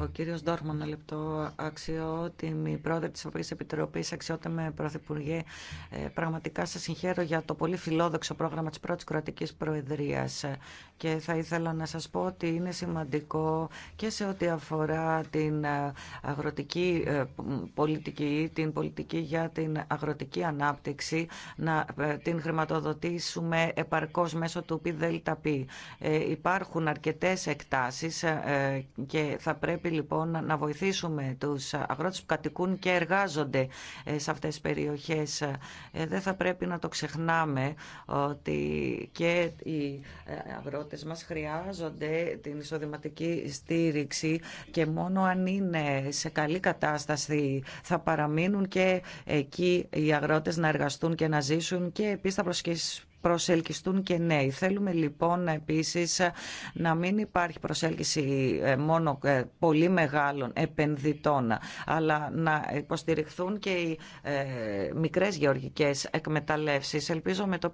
[SPEAKER 3] Ο κύριος Ντόρμαν, ένα λεπτό, αξιότιμη πρόεδρε της Ευρωπαϊκής Επιτροπής, αξιότιμη πρωθυπουργέ, ε, πραγματικά σας συγχαίρω για το πολύ φιλόδοξο πρόγραμμα της πρώτης κρατικής προεδρίας και θα ήθελα να σας πω ότι είναι σημαντικό και σε ό,τι αφορά την ε, αγροτική ε, πολιτική, την πολιτική για την αγροτική ανάπτυξη, να την χρηματοδοτήσουμε επαρκώς μέσω του ΠΔΠ. Υπάρχουν αρκετές εκτάσεις και θα πρέπει λοιπόν να βοηθήσουμε τους αγρότες που κατοικούν και εργάζονται ε, σε αυτές τις περιοχές. Ε, δεν θα πρέπει να το ξεχνάμε ότι και οι ε, αγρότες μας χρειάζονται την εισοδηματική στήριξη και μόνο αν είναι σε καλή κατάσταση θα παραμείνουν και εκεί οι αγρότες να εργαστούν και να ζήσουν και επίσης θα προσελκυστούν και νέοι. Θέλουμε λοιπόν επίσης να μην υπάρχει προσέλκυση ε, μόνο ε, πολύ μεγάλων επενδυτών, αλλά να υποστηριχθούν και οι ε, μικρές γεωργικές εκμεταλλεύσεις. Ελπίζω με το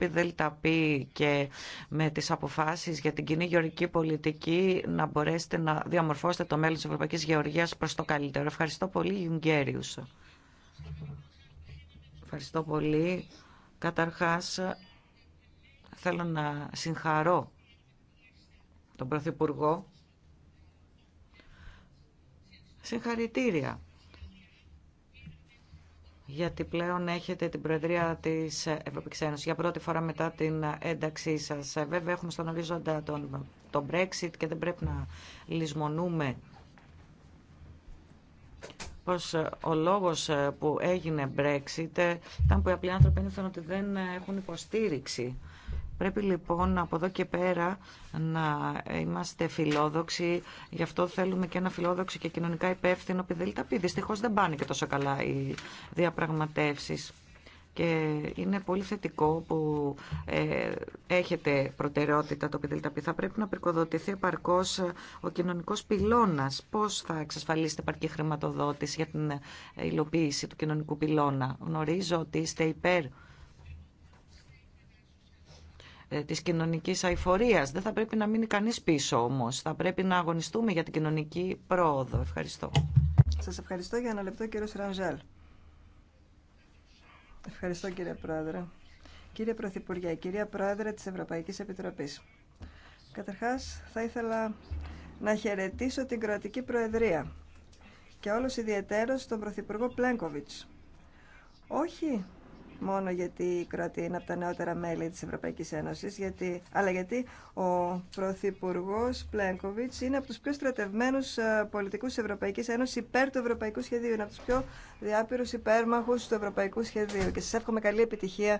[SPEAKER 3] πι και με τις αποφάσεις για την κοινή γεωργική πολιτική να μπορέσετε να διαμορφώσετε το μέλλον της Ευρωπαϊκής Γεωργίας προς το καλύτερο. Ευχαριστώ πολύ, Γιουγκέριους. Ευχαριστώ πολύ. Καταρχάς, θέλω να συγχαρώ τον Πρωθυπουργό. Συγχαρητήρια γιατί πλέον έχετε την Προεδρία της Ευρωπαϊκής Ένωσης για πρώτη φορά μετά την ένταξή σας. Βέβαια έχουμε στον ορίζοντα τον, τον Brexit και δεν πρέπει να λησμονούμε πως ο λόγος που έγινε Brexit ήταν που οι απλοί άνθρωποι ένιωθαν ότι δεν έχουν υποστήριξη Πρέπει λοιπόν από εδώ και πέρα να είμαστε φιλόδοξοι. Γι' αυτό θέλουμε και ένα φιλόδοξο και κοινωνικά υπεύθυνο πιδελταπή. Δυστυχώ δεν πάνε και τόσο καλά οι διαπραγματεύσει και είναι πολύ θετικό που ε, έχετε προτεραιότητα το ΠΔΠ. Θα πρέπει να πρικοδοτηθεί επαρκώ ο κοινωνικό πυλώνα. Πώ θα εξασφαλίσετε επαρκή χρηματοδότηση για την υλοποίηση του κοινωνικού πυλώνα. Γνωρίζω ότι είστε υπέρ της κοινωνικής αηφορίας. Δεν θα πρέπει να μείνει κανείς πίσω όμως. Θα πρέπει να αγωνιστούμε για την κοινωνική πρόοδο. Ευχαριστώ.
[SPEAKER 1] Σας ευχαριστώ για ένα λεπτό κύριο Ρανζέλ. Ευχαριστώ κύριε Πρόεδρε. Κύριε Πρωθυπουργέ, κυρία Πρόεδρε της Ευρωπαϊκής Επιτροπής. Καταρχάς θα ήθελα να χαιρετήσω την Κροατική Προεδρία και όλος ιδιαίτερος τον Πρωθυπουργό Πλένκοβιτς. Όχι μόνο γιατί η Κροατία είναι από τα νεότερα μέλη της Ευρωπαϊκής Ένωσης, γιατί, αλλά γιατί ο Πρωθυπουργό Πλένκοβιτς είναι από τους πιο στρατευμένους ε, πολιτικούς της Ευρωπαϊκής Ένωσης υπέρ του Ευρωπαϊκού Σχεδίου, είναι από τους πιο διάπειρους υπέρμαχους του Ευρωπαϊκού Σχεδίου και σας εύχομαι καλή επιτυχία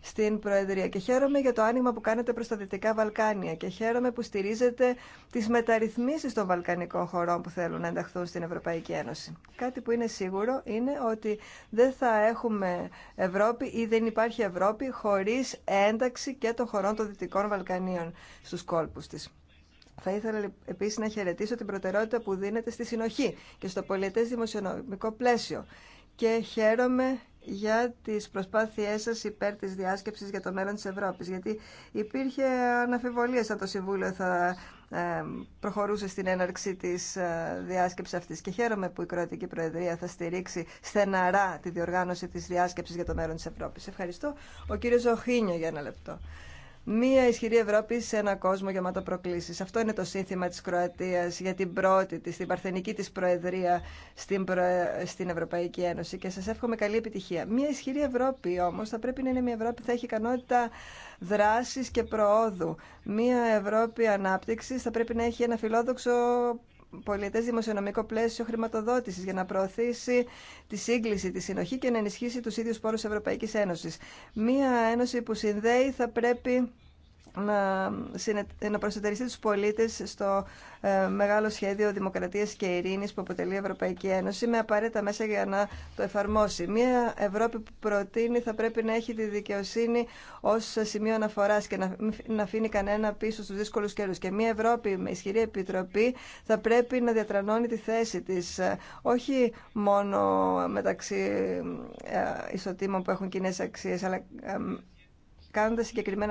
[SPEAKER 1] στην Προεδρία και χαίρομαι για το άνοιγμα που κάνετε προ τα Δυτικά Βαλκάνια και χαίρομαι που στηρίζετε τι μεταρρυθμίσει των βαλκανικών χωρών που θέλουν να ενταχθούν στην Ευρωπαϊκή Ένωση. Κάτι που είναι σίγουρο είναι ότι δεν θα έχουμε Ευρώπη ή δεν υπάρχει Ευρώπη χωρί ένταξη και των χωρών των Δυτικών Βαλκανίων στου κόλπους τη. Θα ήθελα επίση να χαιρετήσω την προτεραιότητα που δίνεται στη συνοχή και στο πολιτέ δημοσιονομικό πλαίσιο. Και χαίρομαι για τις προσπάθειές σας υπέρ της διάσκεψης για το μέλλον της Ευρώπης. Γιατί υπήρχε αναφιβολία σαν το Συμβούλιο θα ε, προχωρούσε στην έναρξη της ε, διάσκεψης αυτής. Και χαίρομαι που η Κροατική Προεδρία θα στηρίξει στεναρά τη διοργάνωση της διάσκεψης για το μέλλον της Ευρώπης. Ευχαριστώ. Ο κύριος Ζωχίνιο για ένα λεπτό. Μία ισχυρή Ευρώπη σε ένα κόσμο γεμάτο προκλήσει. Αυτό είναι το σύνθημα τη Κροατία για την πρώτη τη, την παρθενική τη Προεδρία στην, στην Ευρωπαϊκή Ένωση και σα εύχομαι καλή επιτυχία. Μία ισχυρή Ευρώπη όμω θα πρέπει να είναι μια Ευρώπη που θα έχει ικανότητα δράση και προόδου. Μία Ευρώπη ανάπτυξη θα πρέπει να έχει ένα φιλόδοξο πολιτές δημοσιονομικό πλαίσιο χρηματοδότησης για να προωθήσει τη σύγκληση, τη συνοχή και να ενισχύσει τους ίδιους πόρους Ευρωπαϊκής Ένωσης. Μία ένωση που συνδέει θα πρέπει να, να προσετεριστεί τους πολίτες στο ε, μεγάλο σχέδιο δημοκρατίας και ειρήνης που αποτελεί η Ευρωπαϊκή Ένωση με απαραίτητα μέσα για να το εφαρμόσει. Μία Ευρώπη που προτείνει θα πρέπει να έχει τη δικαιοσύνη ως σημείο αναφοράς και να, να αφήνει κανένα πίσω στους δύσκολους καιρούς. Και μία Ευρώπη με ισχυρή επιτροπή θα πρέπει να διατρανώνει τη θέση της ε, όχι μόνο μεταξύ ε, ισοτήμων που έχουν κοινέ αξίες αλλά κάνοντας συγκεκριμένα